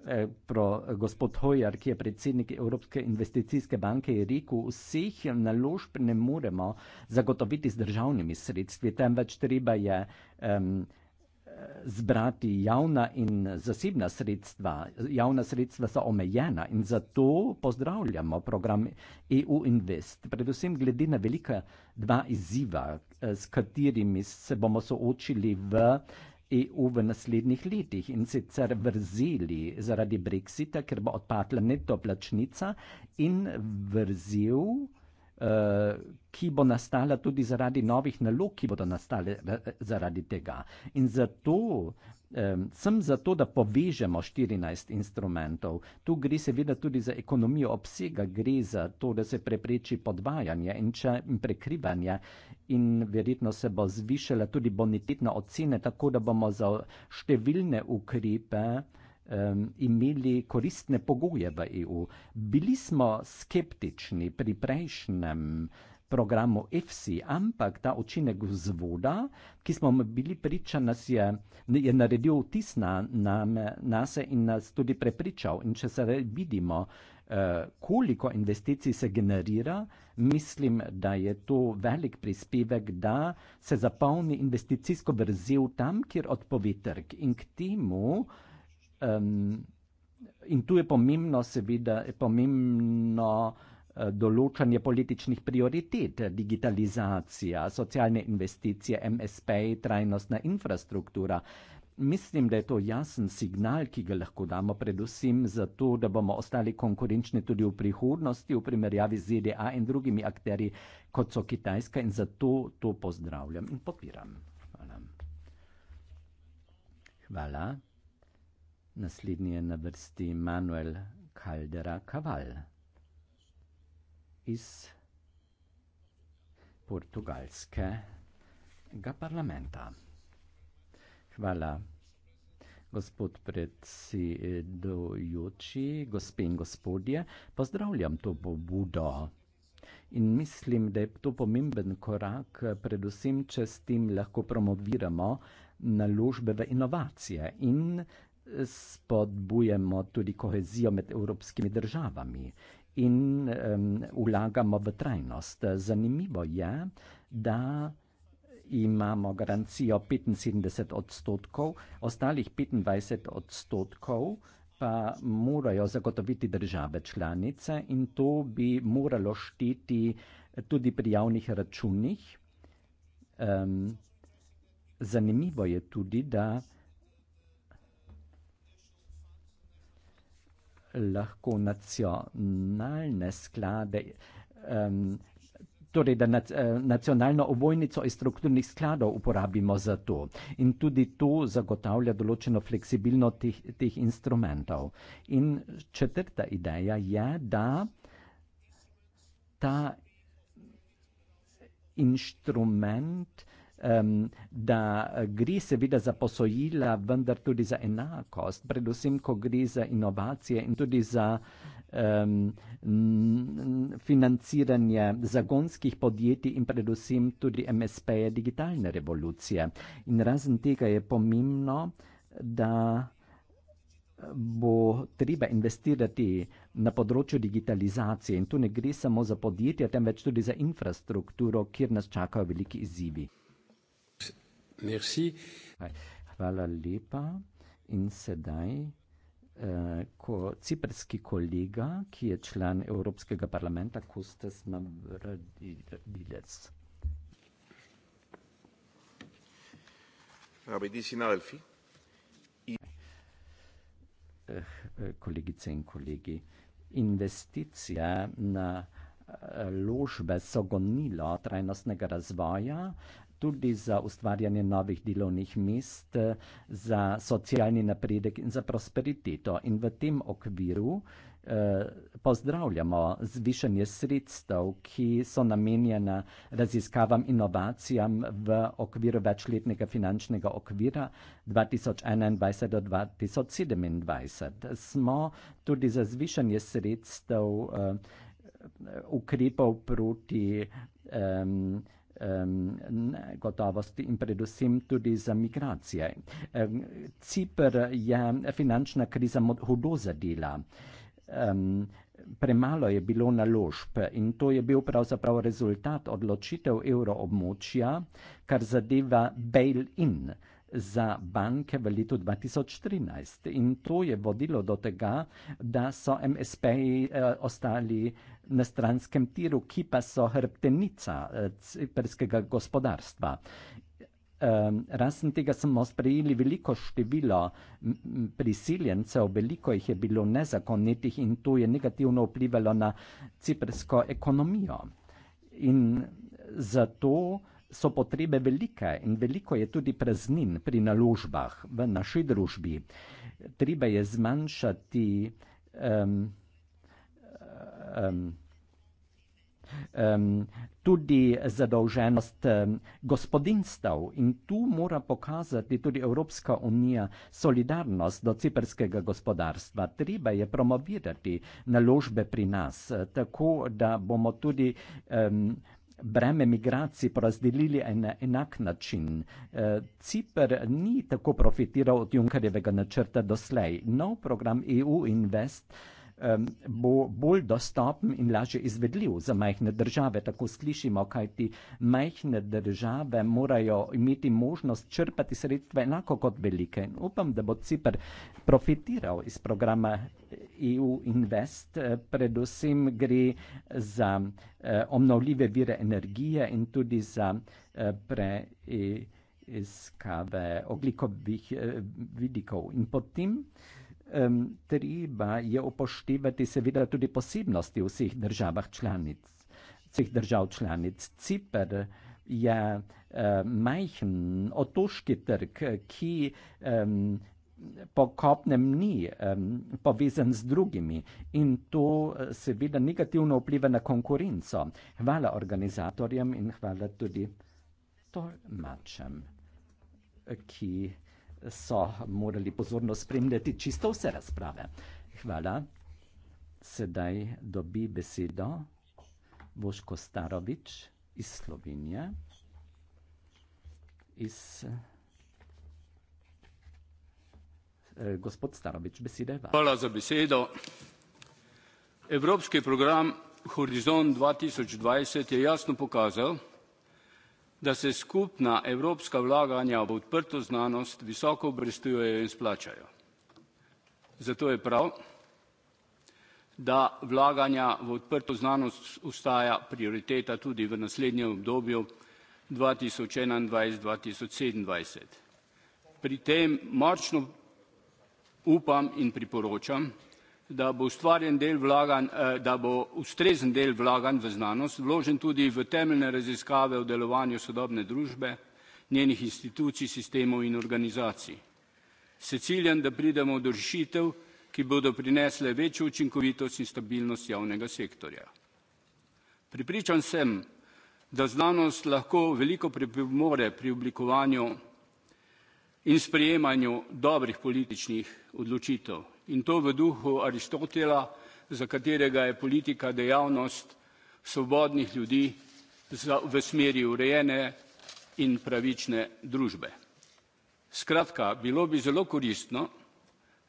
Eh, pro eh, gospod Hojar, ki je predsednik Evropske investicijske banke, je rekel, vseh naložb ne moremo zagotoviti z državnimi sredstvi, temveč treba je um, zbrati javna in zasebna sredstva. Javna sredstva so omejena in zato pozdravljamo program EU Invest, predvsem glede na velika dva izziva, s katerimi se bomo soočili v EU v naslednjih letih in sicer vrzeli zaradi brexita, ker bo odpadla neto plačnica in vrzel, eh, ki bo nastala tudi zaradi novih nalog, ki bodo nastale eh, zaradi tega. In zato Sem za to, da povežemo 14 instrumentov. Tu gre seveda tudi za ekonomijo obsega, gre za to, da se prepreči podvajanje in, če, in prekrivanje in verjetno se bo zvišala tudi bonitetna ocena, tako da bomo za številne ukrepe um, imeli koristne pogoje v EU. Bili smo skeptični pri prejšnjem programu IFSI, ampak ta učinek vzvoda, ki smo bili priča, nas je, je naredil vtis na nas in nas tudi prepričal. In če se vidimo, eh, koliko investicij se generira, mislim, da je to velik prispevek, da se zapolni investicijsko vrzel tam, kjer odpove trg. In k temu. Um, In tu je pomembno, seveda, je pomembno uh, Eh, določanje političnih prioritet, digitalizacija, socialne investicije, MSP, trajnostna infrastruktura. Mislim, da je to jasen signal, ki ga lahko damo predvsem zato, da bomo ostali konkurenčni tudi v prihodnosti v primerjavi z ZDA in drugimi akteri, kot so Kitajska in zato to pozdravljam in podpiram. Hvala. Hvala. Naslednji je na vrsti Manuel Caldera Caval iz portugalskega parlamenta. Hvala, gospod predsedujoči, gospe in gospodje. Pozdravljam to pobudo. In mislim, da je to pomemben korak, predvsem, če s tem lahko promoviramo naložbe v inovacije in spodbujemo tudi kohezijo med evropskimi državami in um, vlagamo v trajnost. Zanimivo je, da imamo garancijo 75 odstotkov, ostalih 25 odstotkov pa morajo zagotoviti države članice in to bi moralo štiti tudi pri javnih računih. Um, zanimivo je tudi, da lahko nacionalne sklade, um, torej da nac, uh, nacionalno ovojnico iz strukturnih skladov uporabimo za to. In tudi to zagotavlja določeno fleksibilno teh, teh instrumentov. In četrta ideja je, da ta inštrument um, da eh, gre seveda za posojila, vendar tudi za enakost, predvsem, ko gre za inovacije in tudi za um, financiranje zagonskih podjetij in predvsem tudi MSP-je digitalne revolucije. In razen tega je pomembno, da eh, bo treba investirati na področju digitalizacije in tu ne gre samo za podjetja, temveč tudi za infrastrukturo, kjer nas čakajo veliki izzivi. Merci. Hvala lepa. In sedaj, eh, ko ciprski kolega, ki je član Evropskega parlamenta, Kustas Mavrdilec. Eh, eh, kolegice in kolegi, investicije na eh, ložbe so gonilo trajnostnega razvoja, tudi za ustvarjanje novih delovnih mest, za socialni napredek in za prosperiteto. In v tem okviru eh, pozdravljamo zvišanje sredstev, ki so namenjena raziskavam inovacijam v okviru večletnega finančnega okvira 2021 do 2027. Smo tudi za zvišanje sredstev uh, ukrepov proti um, um, gotovosti in predvsem tudi za migracije. Um, Cipr je finančna kriza hudo zadela. Um, premalo je bilo naložb in to je bil pravzaprav rezultat odločitev evroobmočja, kar zadeva bail-in za banke v letu 2013 in to je vodilo do tega, da so MSP-ji eh, ostali na stranskem tiru, ki pa so hrbtenica eh, ciperskega gospodarstva. Eh, razen tega smo sprejeli veliko število prisiljencev, veliko jih je bilo nezakonitih in to je negativno vplivalo na ciprsko ekonomijo. In zato eh, so potrebe velike in veliko je tudi praznin pri naložbah v naši družbi. Treba je zmanjšati um, um, um, tudi zadolženost um, gospodinstv in tu mora pokazati tudi Evropska unija solidarnost do ciperskega gospodarstva. Treba je promovirati naložbe pri nas, eh, tako da bomo tudi um, breme migracij porazdelili na en, enak način. E, Cipr ni tako profitiral od Junkarjevega načrta doslej. Nov program EU Invest um, bo bolj dostopen in lažje izvedljiv za majhne države. Tako slišimo, kaj ti majhne države morajo imeti možnost črpati sredstva enako kot velike. In upam, da bo Cipr profitiral iz programa EU Invest. Predvsem gre za uh, obnovljive vire energije in tudi za uh, pre. Iskave oglikovih eh, vidikov. In potem eh, um, treba je upoštevati seveda tudi posebnosti vseh držav članic. Vseh držav članic. Cipr je uh, majhen otoški trg, ki um, po kopnem ni um, povezan z drugimi in to eh, seveda negativno vpliva na konkurenco. Hvala organizatorjem in hvala tudi tolmačem, ki so morali pozorno spremljati čisto vse razprave. Hvala. Sedaj dobi besedo Voško Starovič iz Slovenije. Iz, eh, gospod Starovič, beseda je vaša. Hvala za besedo. Evropski program Horizont 2020 je jasno pokazal, da se skupna evropska vlaganja v odprto znanost visoko obrestujejo in splačajo. Zato je prav, da vlaganja v odprto znanost ostaja prioriteta tudi v naslednjem obdobju 2021-2027. Pri tem močno upam in priporočam, da bo ustvarjen del vlaganj, eh, da bo ustrezen del vlaganj v znanost vložen tudi v temeljne raziskave o delovanju sodobne družbe, njenih institucij, sistemov in organizacij. S ciljem, da pridemo do rešitev, ki bodo prinesle večjo učinkovitost in stabilnost javnega sektorja. Pripričan sem, da znanost lahko veliko pripomore pri oblikovanju in sprejemanju dobrih političnih odločitev in to v duhu Aristotela, za katerega je politika dejavnost svobodnih ljudi v smeri urejene in pravične družbe. Skratka, bilo bi zelo koristno,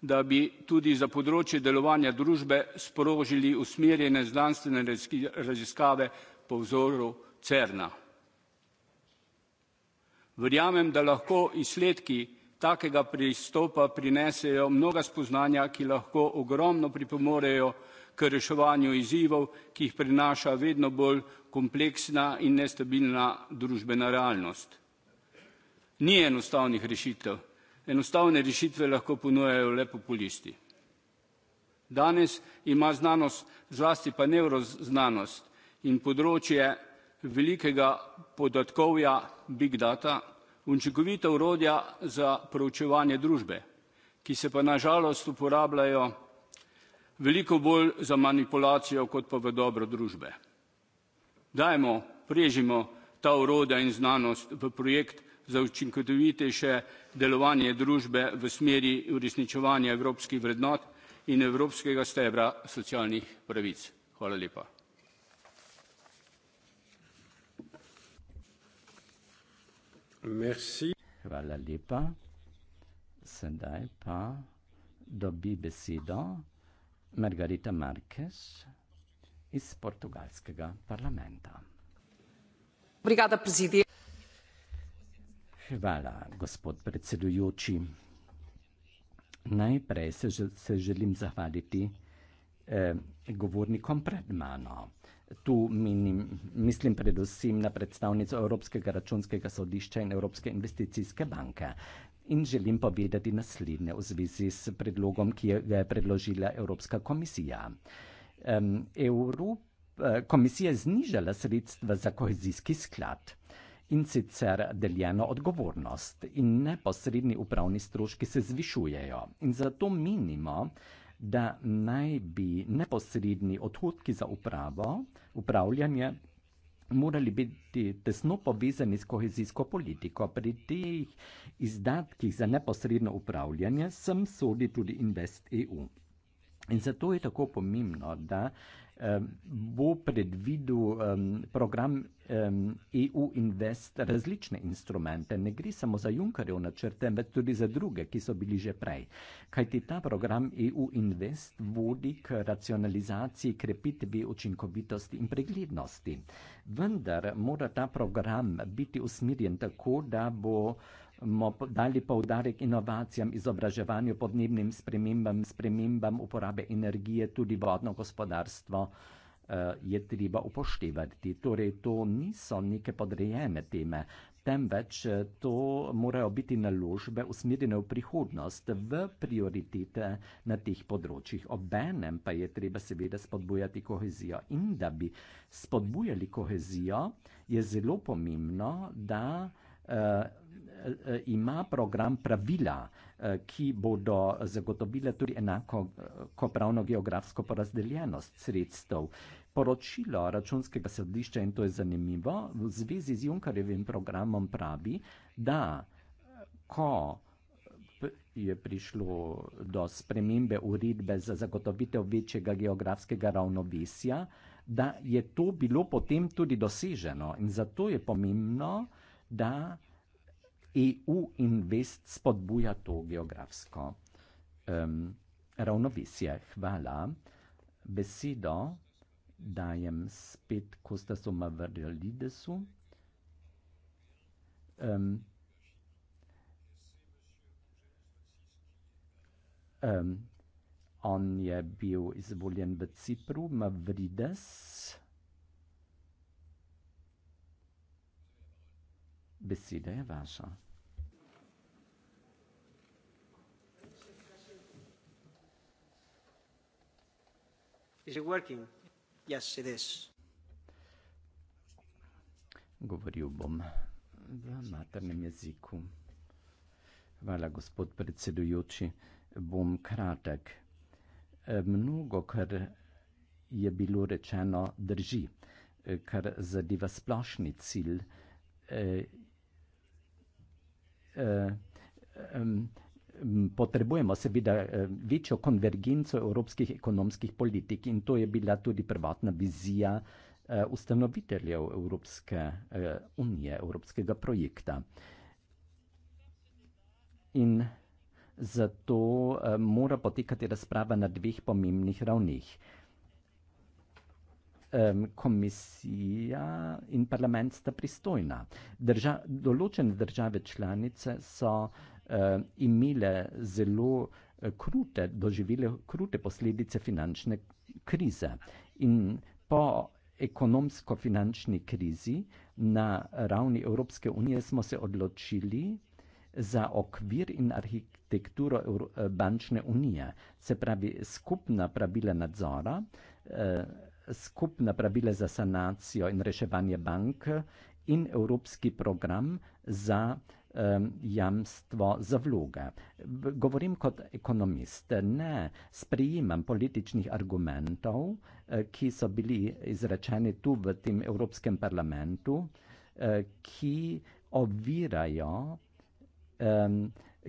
da bi tudi za področje delovanja družbe sprožili usmerjene znanstvene raziskave po vzoru CERN-a. Verjamem, da lahko izsledki takega pristopa prinesejo mnoga spoznanja, ki lahko ogromno pripomorejo k reševanju izzivov, ki jih prinaša vedno bolj kompleksna in nestabilna družbena realnost. Ni enostavnih rešitev. Enostavne rešitve lahko ponujajo le populisti. Danes ima znanost, zlasti pa nevroznanost in področje velikega podatkovja, big data, učinkovita orodja za proučevanje družbe, ki se pa nažalost uporabljajo veliko bolj za manipulacijo kot pa v dobro družbe. Dajmo, prežimo ta orodja in znanost v projekt za učinkovitejše delovanje družbe v smeri uresničevanja evropskih vrednot in evropskega stebra socialnih pravic. Hvala lepa. Merci. Hvala lepa. Sedaj pa dobi besedo Margarita Marques iz portugalskega parlamenta. Brigada prezidija. Hvala, gospod predsedujoči. Najprej se, se želim zahvaliti eh, govornikom pred mano. Tu minim, mislim predvsem na predstavnico Evropskega računskega sodišča in Evropske investicijske banke. In želim povedati naslednje v zvezi s predlogom, ki ga je predložila Evropska komisija. Evrop, komisija je znižala sredstva za kohezijski sklad in sicer deljeno odgovornost in neposredni upravni stroški se zvišujejo. In zato minimo, da naj bi neposredni odhodki za upravo, upravljanje morali biti tesno povezani s kohezijsko politiko. Pri teh izdatkih za neposredno upravljanje sem sodi tudi Invest EU. In zato je tako pomembno, da bo predvidel um, program um, EU Invest različne instrumente. Ne gre samo za Junkarjev načrte, ampak tudi za druge, ki so bili že prej. Kaj ti ta program EU Invest vodi k racionalizaciji, krepitvi učinkovitosti in preglednosti. Vendar mora ta program biti usmirjen tako, da bo uh, bomo dali povdarek inovacijam, izobraževanju, podnebnim spremembam, spremembam uporabe energije, tudi vodno gospodarstvo eh, je treba upoštevati. Torej, to niso neke podrejene teme, temveč eh, to morajo biti naložbe usmerjene v prihodnost, v prioritete na teh področjih. Obenem pa je treba seveda spodbujati kohezijo. In da bi spodbujali kohezijo, je zelo pomembno, da eh, Eh, eh, ima program pravila, eh, ki bodo zagotovile tudi enako kopravno geografsko porazdeljenost sredstev. Poročilo računskega sodišča, in to je zanimivo, v zvezi z Junkarjevim programom pravi, da ko je prišlo do spremembe uredbe za zagotovitev večjega geografskega ravnovesja, da je to bilo potem tudi doseženo. In zato je pomembno, da EU Invest spodbuja to geografsko um, ravnovesje. Hvala. Besedo dajem spet Kostasu Mavrlidesu. Um, um, on je bil izvoljen v Cipru, Mavrides. Beseda je vaša. Govoril bom v maternem jeziku. Hvala, gospod predsedujoči. Bom kratek. Mnogo, kar je bilo rečeno, drži, kar zadeva splošni cilj. E, e, e, potrebujemo seveda eh, večjo konvergenco evropskih ekonomskih politik in to je bila tudi prvotna vizija eh, ustanoviteljev Evropske eh, unije, evropskega projekta. In zato mora potekati razprava na dveh pomembnih ravneh. Komisija in parlament sta pristojna. Drža, določene države članice so uh, imele zelo eh, krute, doživele krute posledice finančne krize. In po ekonomsko-finančni krizi na ravni Evropske unije smo se odločili za okvir in arhitekturo Evro eh, bančne unije, se pravi skupna pravila nadzora, eh, skupna pravila za sanacijo in reševanje bank in evropski program za eh, um, jamstvo za vloge. Govorim kot ekonomist, ne sprejemam političnih argumentov, eh, ki so bili izrečeni tu v tem Evropskem parlamentu, eh, ki ovirajo, um,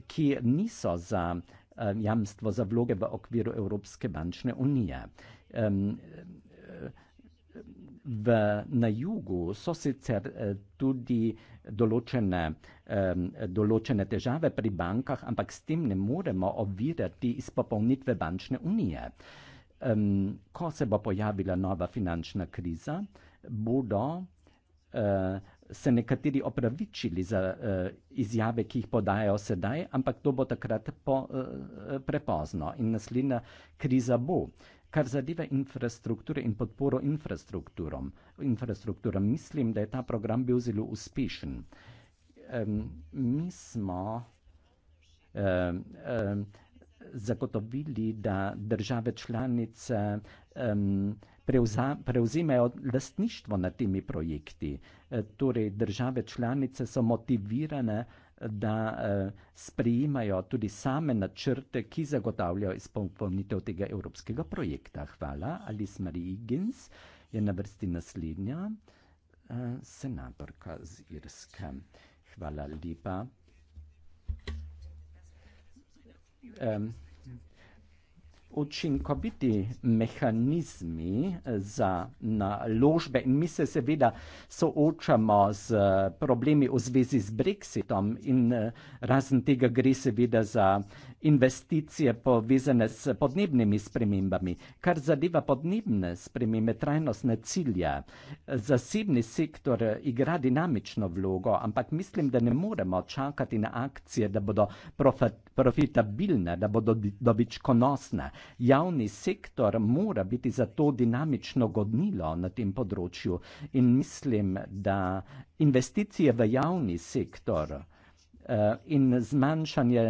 ki niso za jamstvo za vloge v okviru Evropske bančne unije. Um, v, na jugu so sicer eh, tudi določene, določene težave pri bankah, ampak s tem ne moremo ovirati izpopolnitve bančne unije. Ko se bo pojavila nova finančna kriza, bodo eh, se nekateri opravičili za eh, izjave, ki jih podajo sedaj, ampak to bo takrat po, prepozno in naslednja kriza bo kar zadeva infrastrukture in podporo infrastrukturom. infrastrukturom. Mislim, da je ta program bil zelo uspešen. Um, mi smo um, um, zagotovili, da države članice um, prevza, prevzemajo lastništvo nad temi projekti. E, torej, države članice so motivirane, da eh, sprejemajo tudi same načrte, ki zagotavljajo izpolnitev tega evropskega projekta. Hvala. Alis Marie Higgins je na vrsti naslednja eh, senatorka z Irske. Hvala lepa. Um, učinkoviti mehanizmi eh, za naložbe in mi se seveda soočamo z eh, problemi v zvezi z brexitom in eh, razen tega gre seveda za investicije povezane s podnebnimi spremembami, kar zadeva podnebne spremembe, trajnostne cilje. Zasebni sektor igra dinamično vlogo, ampak mislim, da ne moremo čakati na akcije, da bodo profitabilne, da bodo dobičkonosne. Javni sektor mora biti za to dinamično godnilo na tem področju in mislim, da investicije v javni sektor, Eh, in zmanjšanje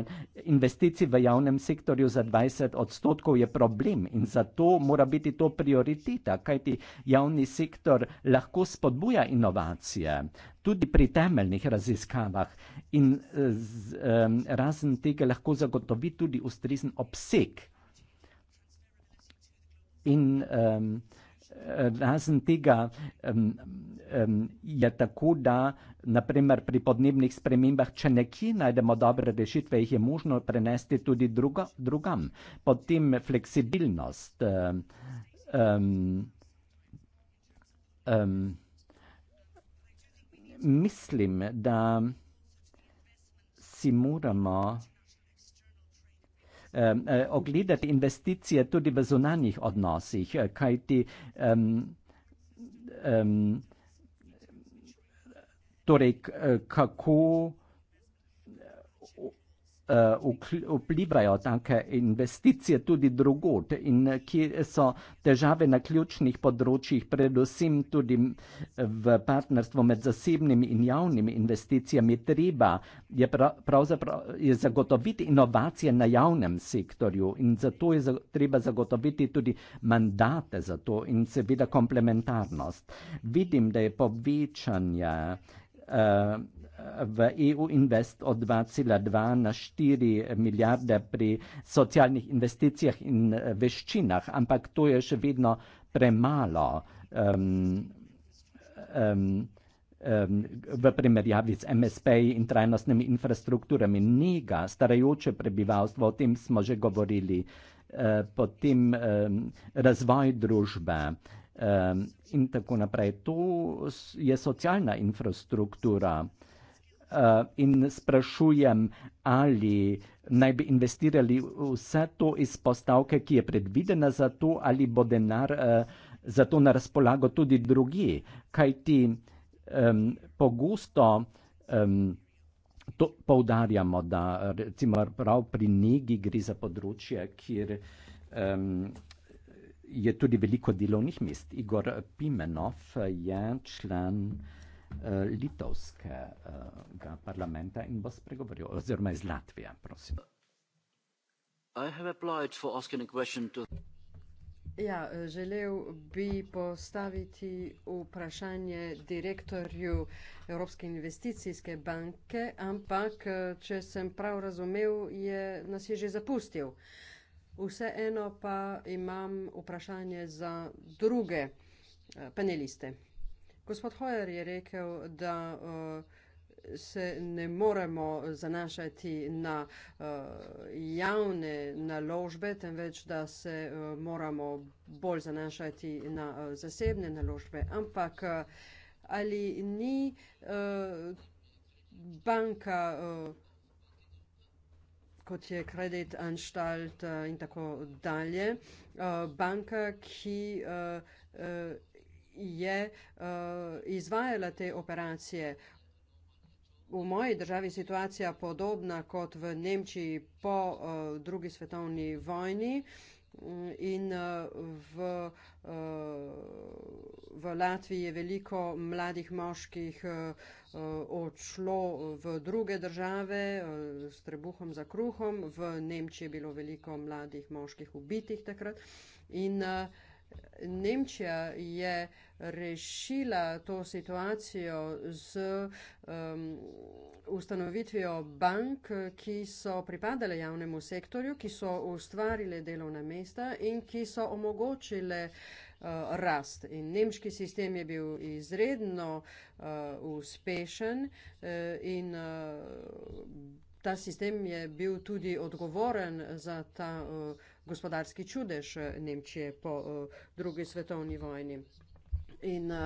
investicij v javnem sektorju za 20 odstotkov je problem in zato mora biti to prioriteta, kajti javni sektor lahko spodbuja inovacije tudi pri temeljnih raziskavah in eh, z, um, razen tega lahko zagotovi tudi ustrezen obseg. In um, razen tega um, um, je tako, da naprimer pri podnebnih spremembah, če nekje najdemo dobre rešitve, jih je možno prenesti tudi druga, drugam. Potem fleksibilnost. Um, um, mislim, da si moramo eh, ogledati investicije tudi v zunanjih odnosih, uh, kajti um, um, torej, uh, kako Eh, vplivajo take investicije tudi drugot in eh, kje so težave na ključnih področjih, predvsem tudi eh, v partnerstvu med zasebnimi in javnimi investicijami. Treba je pravzaprav je zagotoviti inovacije na javnem sektorju in zato je treba zagotoviti tudi mandate za to in seveda komplementarnost. Vidim, da je povečanje uh, v EU invest od 2,2 na 4 milijarde pri socialnih investicijah in eh, veščinah, ampak to je še vedno premalo um, um, um, v primerjavi z MSP in trajnostnimi infrastrukturami. Nega starajoče prebivalstvo, o tem smo že govorili, uh, potem um, razvoj družbe. Um, in tako naprej. To je socialna infrastruktura. Eh, in sprašujem, ali naj bi investirali vse to iz postavke, ki je predvidena za to, ali bo denar uh, za to na razpolago tudi drugi. Kaj ti um, pogosto um, to poudarjamo, da recimo prav pri negi gre za področje, kjer um, je tudi veliko delovnih mest. Igor Pimenov je član litovskega parlamenta in bo spregovoril, oziroma iz Latvije, prosim. Ja, želel bi postaviti vprašanje direktorju Evropske investicijske banke, ampak če sem prav razumel, je, nas je že zapustil. Vseeno pa imam vprašanje za druge eh, paneliste. Gospod Hojer je rekel, da eh, se ne moremo zanašati na eh, javne naložbe, temveč da se eh, moramo bolj zanašati na zasebne naložbe. Ampak ali ni banka kot je kredit Anstalt in tako dalje, banka, ki je uh, izvajala te operacije. V moji državi situacija podobna kot v Nemčiji po uh, drugi svetovni vojni mm, in uh, v, uh, v Latviji je veliko mladih moških uh, odšlo v druge države uh, s trebuhom za kruhom. V Nemčiji je bilo veliko mladih moških ubitih takrat. In, uh, Nemčija je rešila to situacijo z um, ustanovitvijo bank, ki so pripadale javnemu sektorju, ki so ustvarile delovna mesta in ki so omogočile uh, Rast. In nemški sistem je bil izredno uh, uspešen uh, in uh, Ta sistem je bil tudi odgovoren za ta uh, gospodarski čudež eh, Nemčije po uh, drugi svetovni vojni. In uh,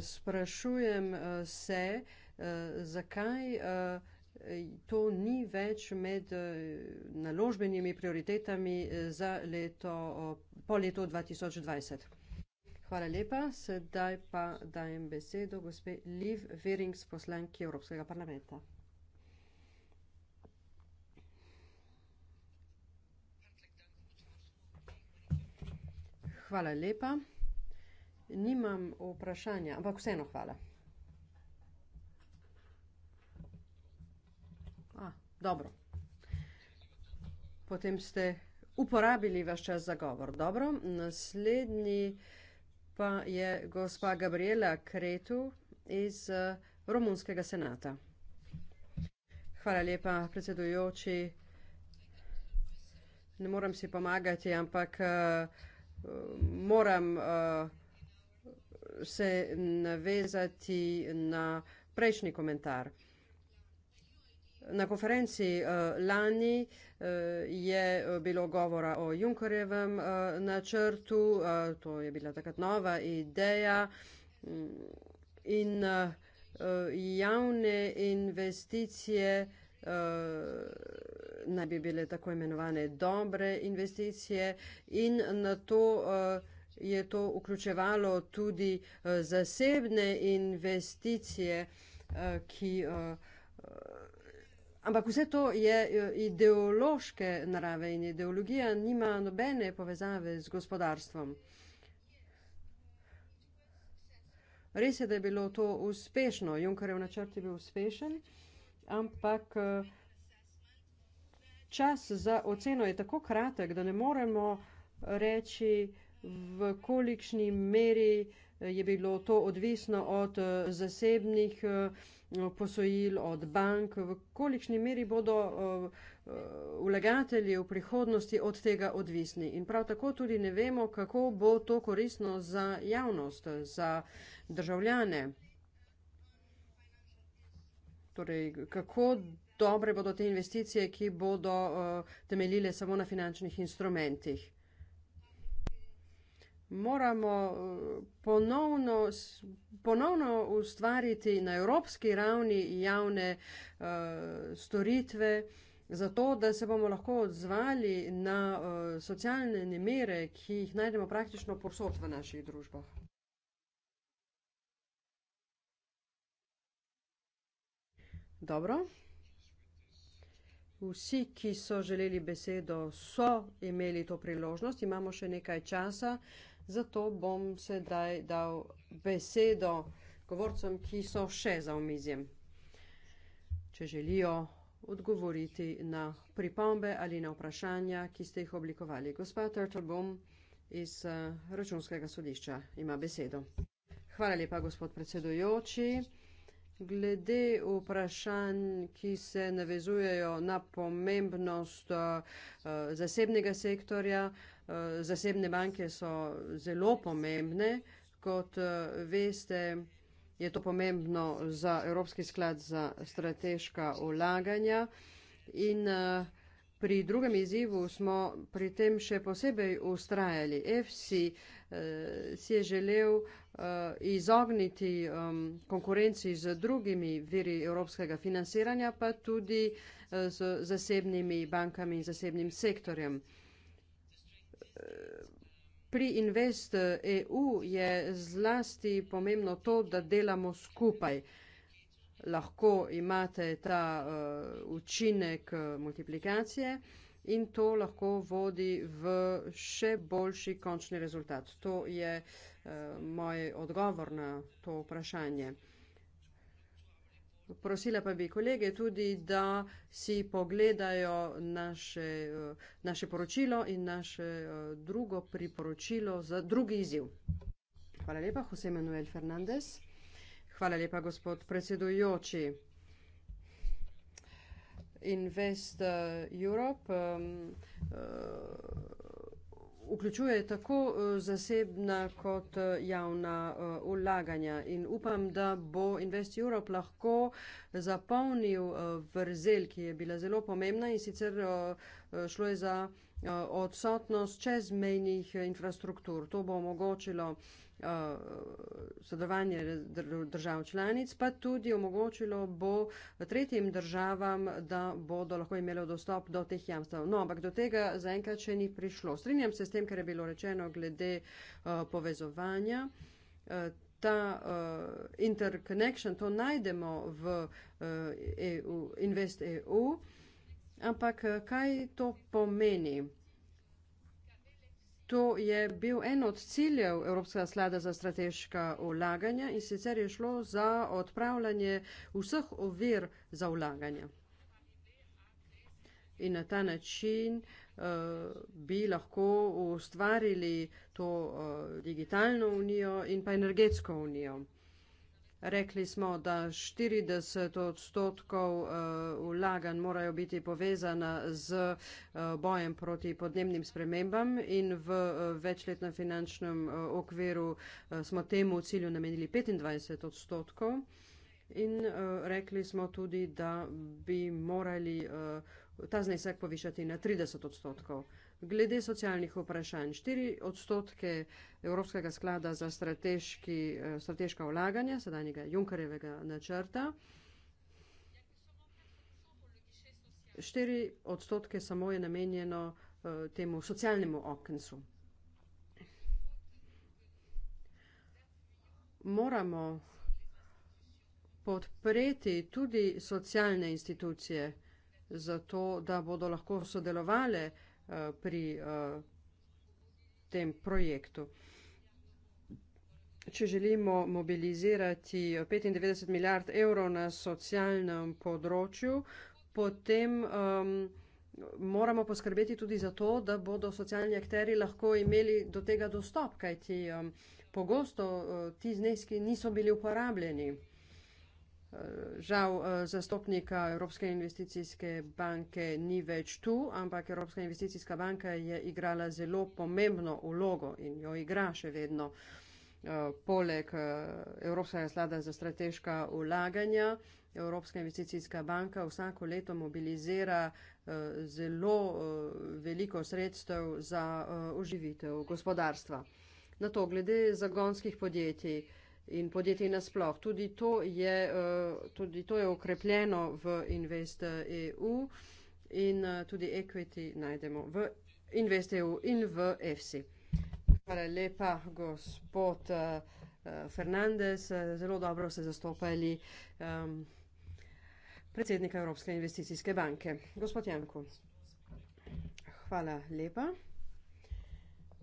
sprašujem uh, se, uh, zakaj. Uh, To ni več med naložbenimi prioritetami za leto, po letu 2020. Hvala lepa, sedaj pa dajem besedo gospe Liv Verings, poslanki Evropskega parlamenta. Hvala lepa. Nimam vprašanja, ampak vseeno hvala. A, dobro. Potem ste uporabili vaš čas za govor. Dobro. Naslednji pa je gospa Gabriela Kretu iz eh, Romunskega senata. Hvala lepa, predsedujoči. Ne morem si pomagati, ampak uh, moram eh, se navezati na prejšnji komentar. Na konferenci eh, lani eh, je bilo govora o Junkerjevem načrtu, to je bila takrat nova ideja mm, in javne investicije naj bi bile tako imenovane dobre investicije in na to eh, je to vključevalo tudi eh, zasebne investicije, eh, ki. Ampak vse to je ideološke narave in ideologija nima nobene povezave z gospodarstvom. Res je, da je bilo to uspešno, Junkarjev načrt je bil uspešen, ampak uh, čas za oceno je tako kratek, da ne moremo reči, v kolikšni meri eh, je bilo to odvisno od eh, zasebnih eh, posojil, od bank, v kolikšni meri bodo vlagatelji v prihodnosti od tega odvisni. In prav tako tudi ne vemo, kako bo to koristno za javnost, za državljane. Torej, kako dobre bodo te investicije, ki bodo uh, temeljile samo na finančnih instrumentih? Moramo eh, ponovno, ponovno ustvariti na evropski ravni javne uh, storitve, zato da se bomo lahko odzvali na uh, socialne nemere, ki jih najdemo praktično posod v naših družbah. Dobro. Vsi, ki so želeli besedo, so imeli to priložnost. Imamo še nekaj časa, zato bom sedaj dal besedo govorcem, ki so še za omizjem. Če želijo odgovoriti na pripombe ali na vprašanja, ki ste jih oblikovali. Gospa Turtlebaum iz eh, računskega sodišča ima besedo. Hvala lepa, gospod predsedujoči. Glede vprašanj, ki se navezujejo na pomembnost eh, zasebnega sektorja, eh, zasebne banke so zelo pomembne. Kot eh, veste, je to pomembno za Evropski sklad za strateška ulaganja. In pri drugem izzivu smo pri tem še posebej ustrajali. FC Eh, si je želel uh, izogniti um, konkurenci z drugimi viri evropskega financiranja, pa tudi uh, z zasebnimi bankami in zasebnim sektorjem. Pri Invest EU je zlasti pomembno to, da delamo skupaj. Lahko imate ta uh, učinek uh, multiplikacije. Uh, in to lahko vodi v še boljši končni rezultat. To je eh, moj odgovor na to vprašanje. Prosila pa bi kolege tudi, da si pogledajo naše, eh, naše poročilo in naše eh, drugo priporočilo za drugi izziv. Hvala lepa, Jose Manuel Fernandez. Hvala lepa, gospod predsedujoči. Invest uh, Europe um, uh, vključuje tako uh, zasebna kot uh, javna uh, ulaganja. In upam, da bo Invest Europe lahko zapolnil uh, vrzel, ki je bila zelo pomembna in sicer uh, šlo je za. Eh, odsotnost čezmejnih infrastruktur. To bo omogočilo eh, sodelovanje držav članic, pa tudi omogočilo bo tretjim državam, da bodo lahko imeli dostop do teh jamstv. No, ampak do tega zaenkrat še ni prišlo. Strinjam se s tem, kar je bilo rečeno glede eh, povezovanja. Ta uh, interconnection, to najdemo v uh, EU, InvestEU. Uh, Ampak eh, kaj to pomeni? To je bil en od ciljev Evropskega sklada za strateška vlaganja in sicer je šlo za odpravljanje vseh ovir za vlaganja. In na ta način uh, bi lahko ustvarili to uh, digitalno unijo in pa energetsko unijo. Rekli smo, da 40 odstotkov eh, vlaganj morajo biti povezana z eh, bojem proti podnebnim spremembam in v eh, večletnem finančnem okviru smo temu cilju namenili 25 odstotkov. In uh, rekli smo tudi, da bi morali uh, ta znesek povišati na 30 odstotkov. Uh, glede socialnih vprašanj. 4 odstotke Evropskega sklada za eh, strateška vlaganja, sedanjega Junkarjevega načrta, 4 odstotke samo je namenjeno eh, temu socialnemu okensu. Moramo podpreti tudi socialne institucije, zato da bodo lahko sodelovali Eh, pri uh, tem projektu. Če želimo mobilizirati 95 milijard evrov na socialnem področju, potem um, moramo poskrbeti tudi za to, da bodo socialni akteri lahko imeli do tega dostop, kajti um, pogosto uh, ti zneski niso bili uporabljeni. Žal eh, zastopnika Evropske investicijske banke ni več tu, ampak Evropska investicijska banka je igrala zelo pomembno ulogo in jo igra še vedno. Eh, poleg eh, Evropskega slada za strateška ulaganja, Evropska investicijska banka vsako leto mobilizira zelo veliko sredstev za oživitev gospodarstva. Na to glede zagonskih podjetij in podjetij nasploh. Tudi to je, eh, tudi to je okrepljeno v Invest EU in eh, tudi equity najdemo v Invest EU in v EFSI. Hvala lepa, gospod eh, Fernandez, zelo dobro ste zastopali ehm, predsednika Evropske investicijske banke. Gospod Janko, hvala lepa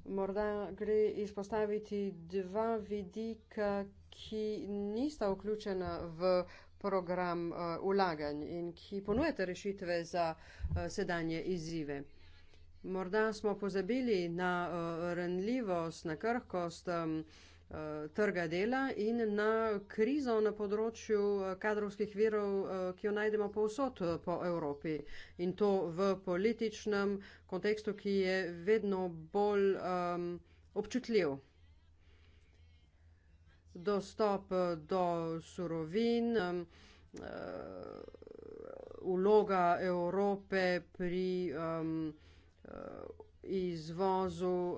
morda gre izpostaviti dva vidika, ki nista vključena v program uh, eh, ulaganj in ki ponujate rešitve za uh, sedanje izzive. Morda smo pozabili na uh, eh, renljivost, na krhkost. Um, Eh, trga dela in na krizo na področju eh, kadrovskih virov, eh, ki jo najdemo povsod po Evropi in to v političnem kontekstu, ki je vedno bolj um, občutljiv. Dostop do surovin, um, ehm, uloga Evrope pri um, izvozu uh,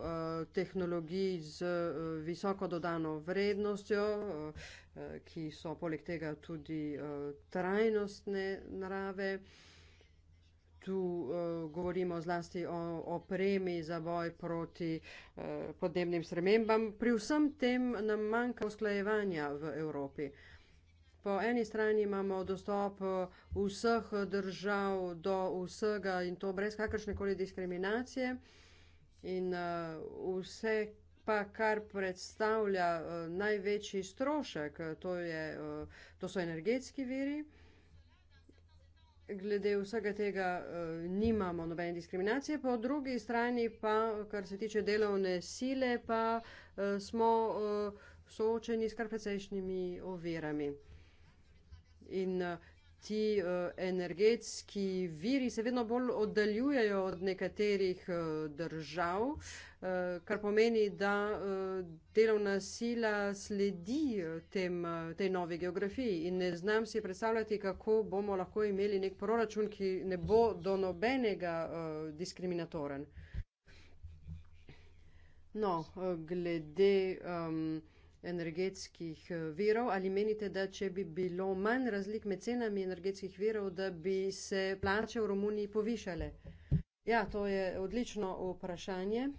tehnologij z uh, visoko dodano vrednostjo, uh, ki so poleg tega tudi uh, trajnostne narave. Tu uh, govorimo zlasti o opremi za boj proti uh, podnebnim spremembam. Pri vsem tem nam manjka usklajevanja v Evropi. Uh, Po eni strani imamo dostop eh, vseh držav do vsega in to brez kakršne koli diskriminacije in eh, vse pa, kar predstavlja eh, največji strošek, to, je, to so energetski viri. Glede vsega tega eh, nimamo nobene diskriminacije, po drugi strani pa, kar se tiče delovne sile, pa eh, smo eh, soočeni s kar precejšnjimi ovirami in eh, ti eh, energetski viri se vedno bolj oddaljujejo od nekaterih eh, držav, kar pomeni, da delovna sila sledi tem, tej novi geografiji in ne znam si predstavljati, kako bomo lahko imeli nek proračun, ki ne bo do nobenega diskriminatoren. No, glede. Um, energetskih eh, virov, ali menite, da če bi bilo manj razlik med cenami energetskih virov, da bi se plače v Romuniji povišale? Ja, to je odlično vprašanje.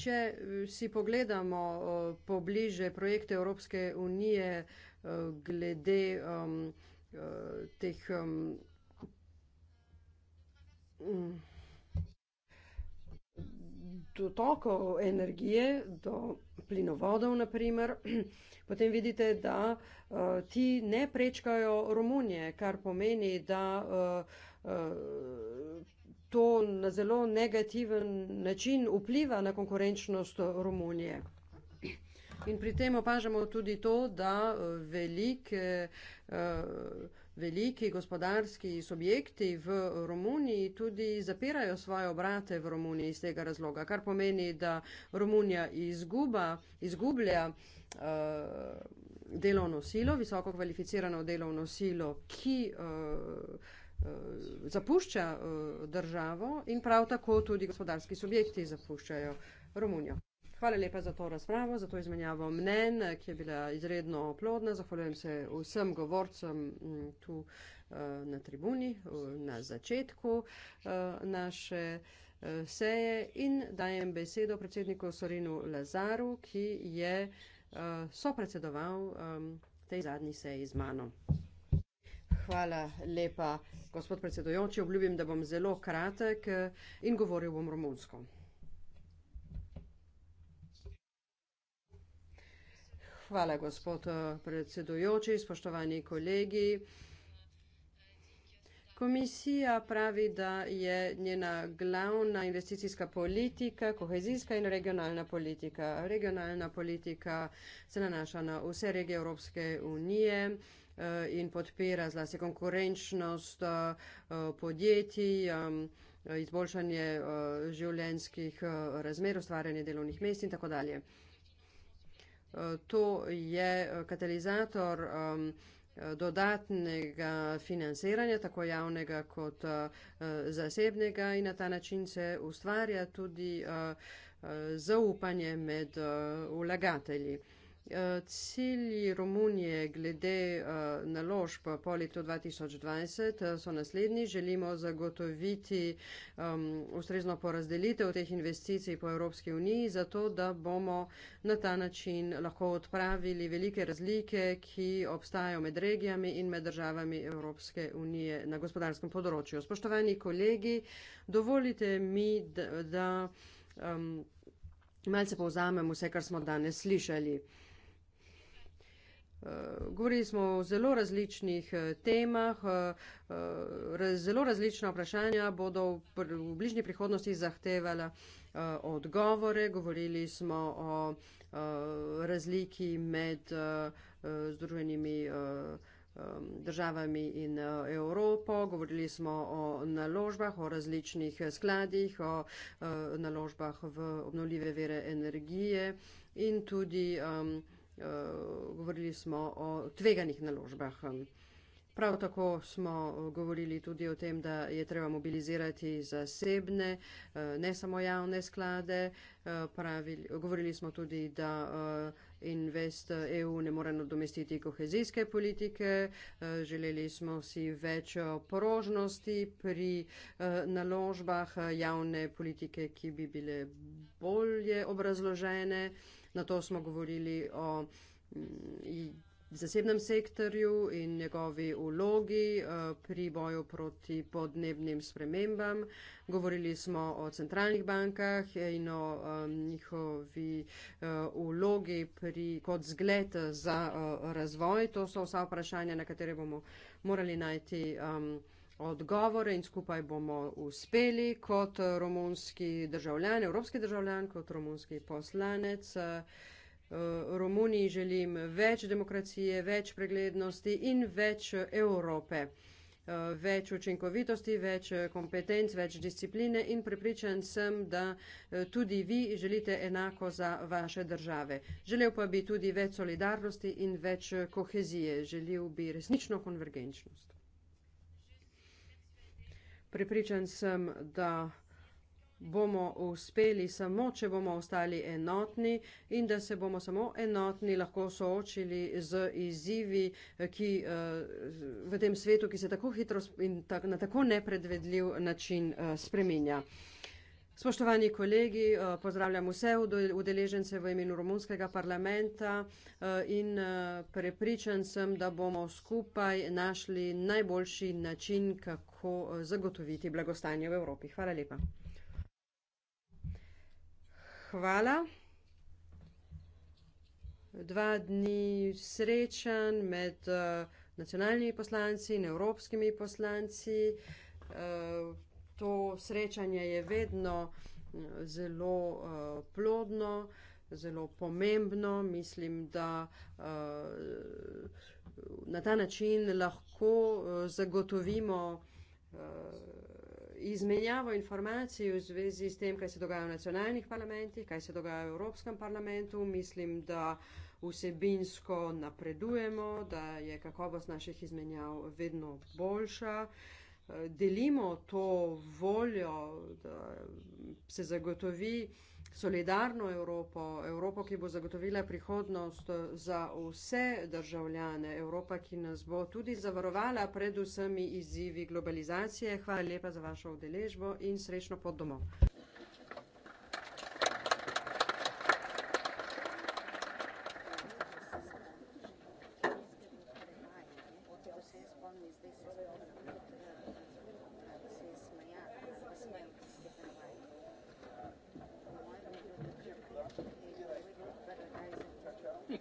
Če eh, si pogledamo eh, pobliže projekte Evropske unije glede um, teh um, dotokov energije do plinovodov, naprimer, potem vidite, da uh, ti ne prečkajo Romunije, kar pomeni, da uh, uh, to na zelo negativen način vpliva na konkurenčnost Romunije. In pri tem opažamo tudi to, da velike uh, veliki gospodarski subjekti v Romuniji tudi zapirajo svoje obrate v Romuniji iz tega razloga, kar pomeni, da Romunija izguba, izgublja uh, delovno silo, visoko kvalificirano delovno silo, ki uh, zapušča državo in prav tako tudi gospodarski subjekti zapuščajo Romunijo. Hvala lepa za to razpravo, za to izmenjavo mnen, ki je bila izredno plodna. Zahvaljujem se vsem govorcem mm, tu eh, na tribuni, na začetku eh, naše eh, seje in dajem besedo predsedniku Sorinu Lazaru, ki je sopredsedoval tej zadnji seji z mano. Hvala lepa, gospod predsedujoči. Obljubim, da bom zelo kratek in govoril bom romunsko. Hvala, gospod eh, predsedujoči, spoštovani kolegi. Komisija pravi, da je njena glavna investicijska politika kohezijska in regionalna politika. Regionalna politika se nanaša na vse regije Evropske unije eh, in podpira zlasti konkurenčnost eh, podjetij, izboljšanje življenjskih razmer, ustvarjanje delovnih mest in tako dalje to je eh, katalizator um, eh, dodatnega financiranja, tako javnega kot uh, zasebnega in na ta način se ustvarja tudi uh, zaupanje med uh, vlagatelji. Uh, Eh, cilji Romunije glede eh, naložb po letu 2020 eh, so naslednji. Želimo zagotoviti um, ustrezno porazdelitev teh investicij po Evropski uniji, zato da bomo na ta način lahko odpravili velike razlike, ki obstajajo med regijami in med državami Evropske unije na gospodarskem področju. Spoštovani kolegi, dovolite mi, da, da um, malce povzamem vse, kar smo danes slišali. Eh, govorili smo o zelo različnih eh, temah, eh, zelo različna vprašanja bodo v bližnji prihodnosti zahtevala odgovore. Govorili smo o razliki med združenimi državami in Evropo, govorili smo o naložbah, o različnih skladih, o naložbah v obnovljive vere energije in tudi. Eh, govorili smo o tveganih naložbah. Prav tako smo eh, govorili tudi o tem, da je treba mobilizirati zasebne, eh, ne samo javne sklade. Pravili, govorili smo tudi, da Invest EU ne more nadomestiti kohezijske politike. Želeli smo si več porožnosti pri naložbah javne politike, ki bi bile bolje obrazložene na to smo govorili o mm, zasebnem sektorju in njegovi vlogi eh, pri boju proti podnebnim spremembam. Govorili smo o centralnih bankah in o eh, njihovi eh, vlogi pri, kot zgled za razvoj. To so vsa vprašanja, na katere bomo morali najti. Um, odgovore in skupaj bomo uspeli kot romunski državljan, evropski državljan, kot romunski poslanec. Romuniji želim več demokracije, več preglednosti in več Evrope, več učinkovitosti, več kompetenc, več discipline in prepričan sem, da tudi vi želite enako za vaše države. Želel pa bi tudi več solidarnosti in več kohezije. Želel bi resnično konvergenčnost. Pripričan sem, da bomo uspeli samo, če bomo ostali enotni in da se bomo samo enotni lahko soočili z izzivi, ki eh, v tem svetu, ki se tako hitro in na tako nepredvedljiv način eh, spreminja. Spoštovani kolegi, eh, pozdravljam vse udeležence v imenu romunskega parlamenta eh, in eh, prepričan sem, da bomo skupaj našli najboljši način, kako zagotoviti blagostanje v Evropi. Hvala lepa. Hvala. Dva dni srečanj med nacionalnimi poslanci in evropskimi poslanci to srečanje je vedno eh, zelo uh, plodno, zelo pomembno. Mislim, da uh, na ta način lahko uh, zagotovimo uh, izmenjavo informacij v zvezi s tem, kaj se dogaja v nacionalnih parlamentih, kaj se dogaja v Evropskem parlamentu. Mislim, da vsebinsko napredujemo, da je kakovost naših izmenjav vedno boljša. Uh, delimo to voljo, da se zagotovi solidarno Evropo, Evropo, ki bo zagotovila prihodnost za vse državljane, Evropa, ki nas bo tudi zavarovala pred vsemi izzivi globalizacije. Hvala lepa za vašo udeležbo in srečno pot domov.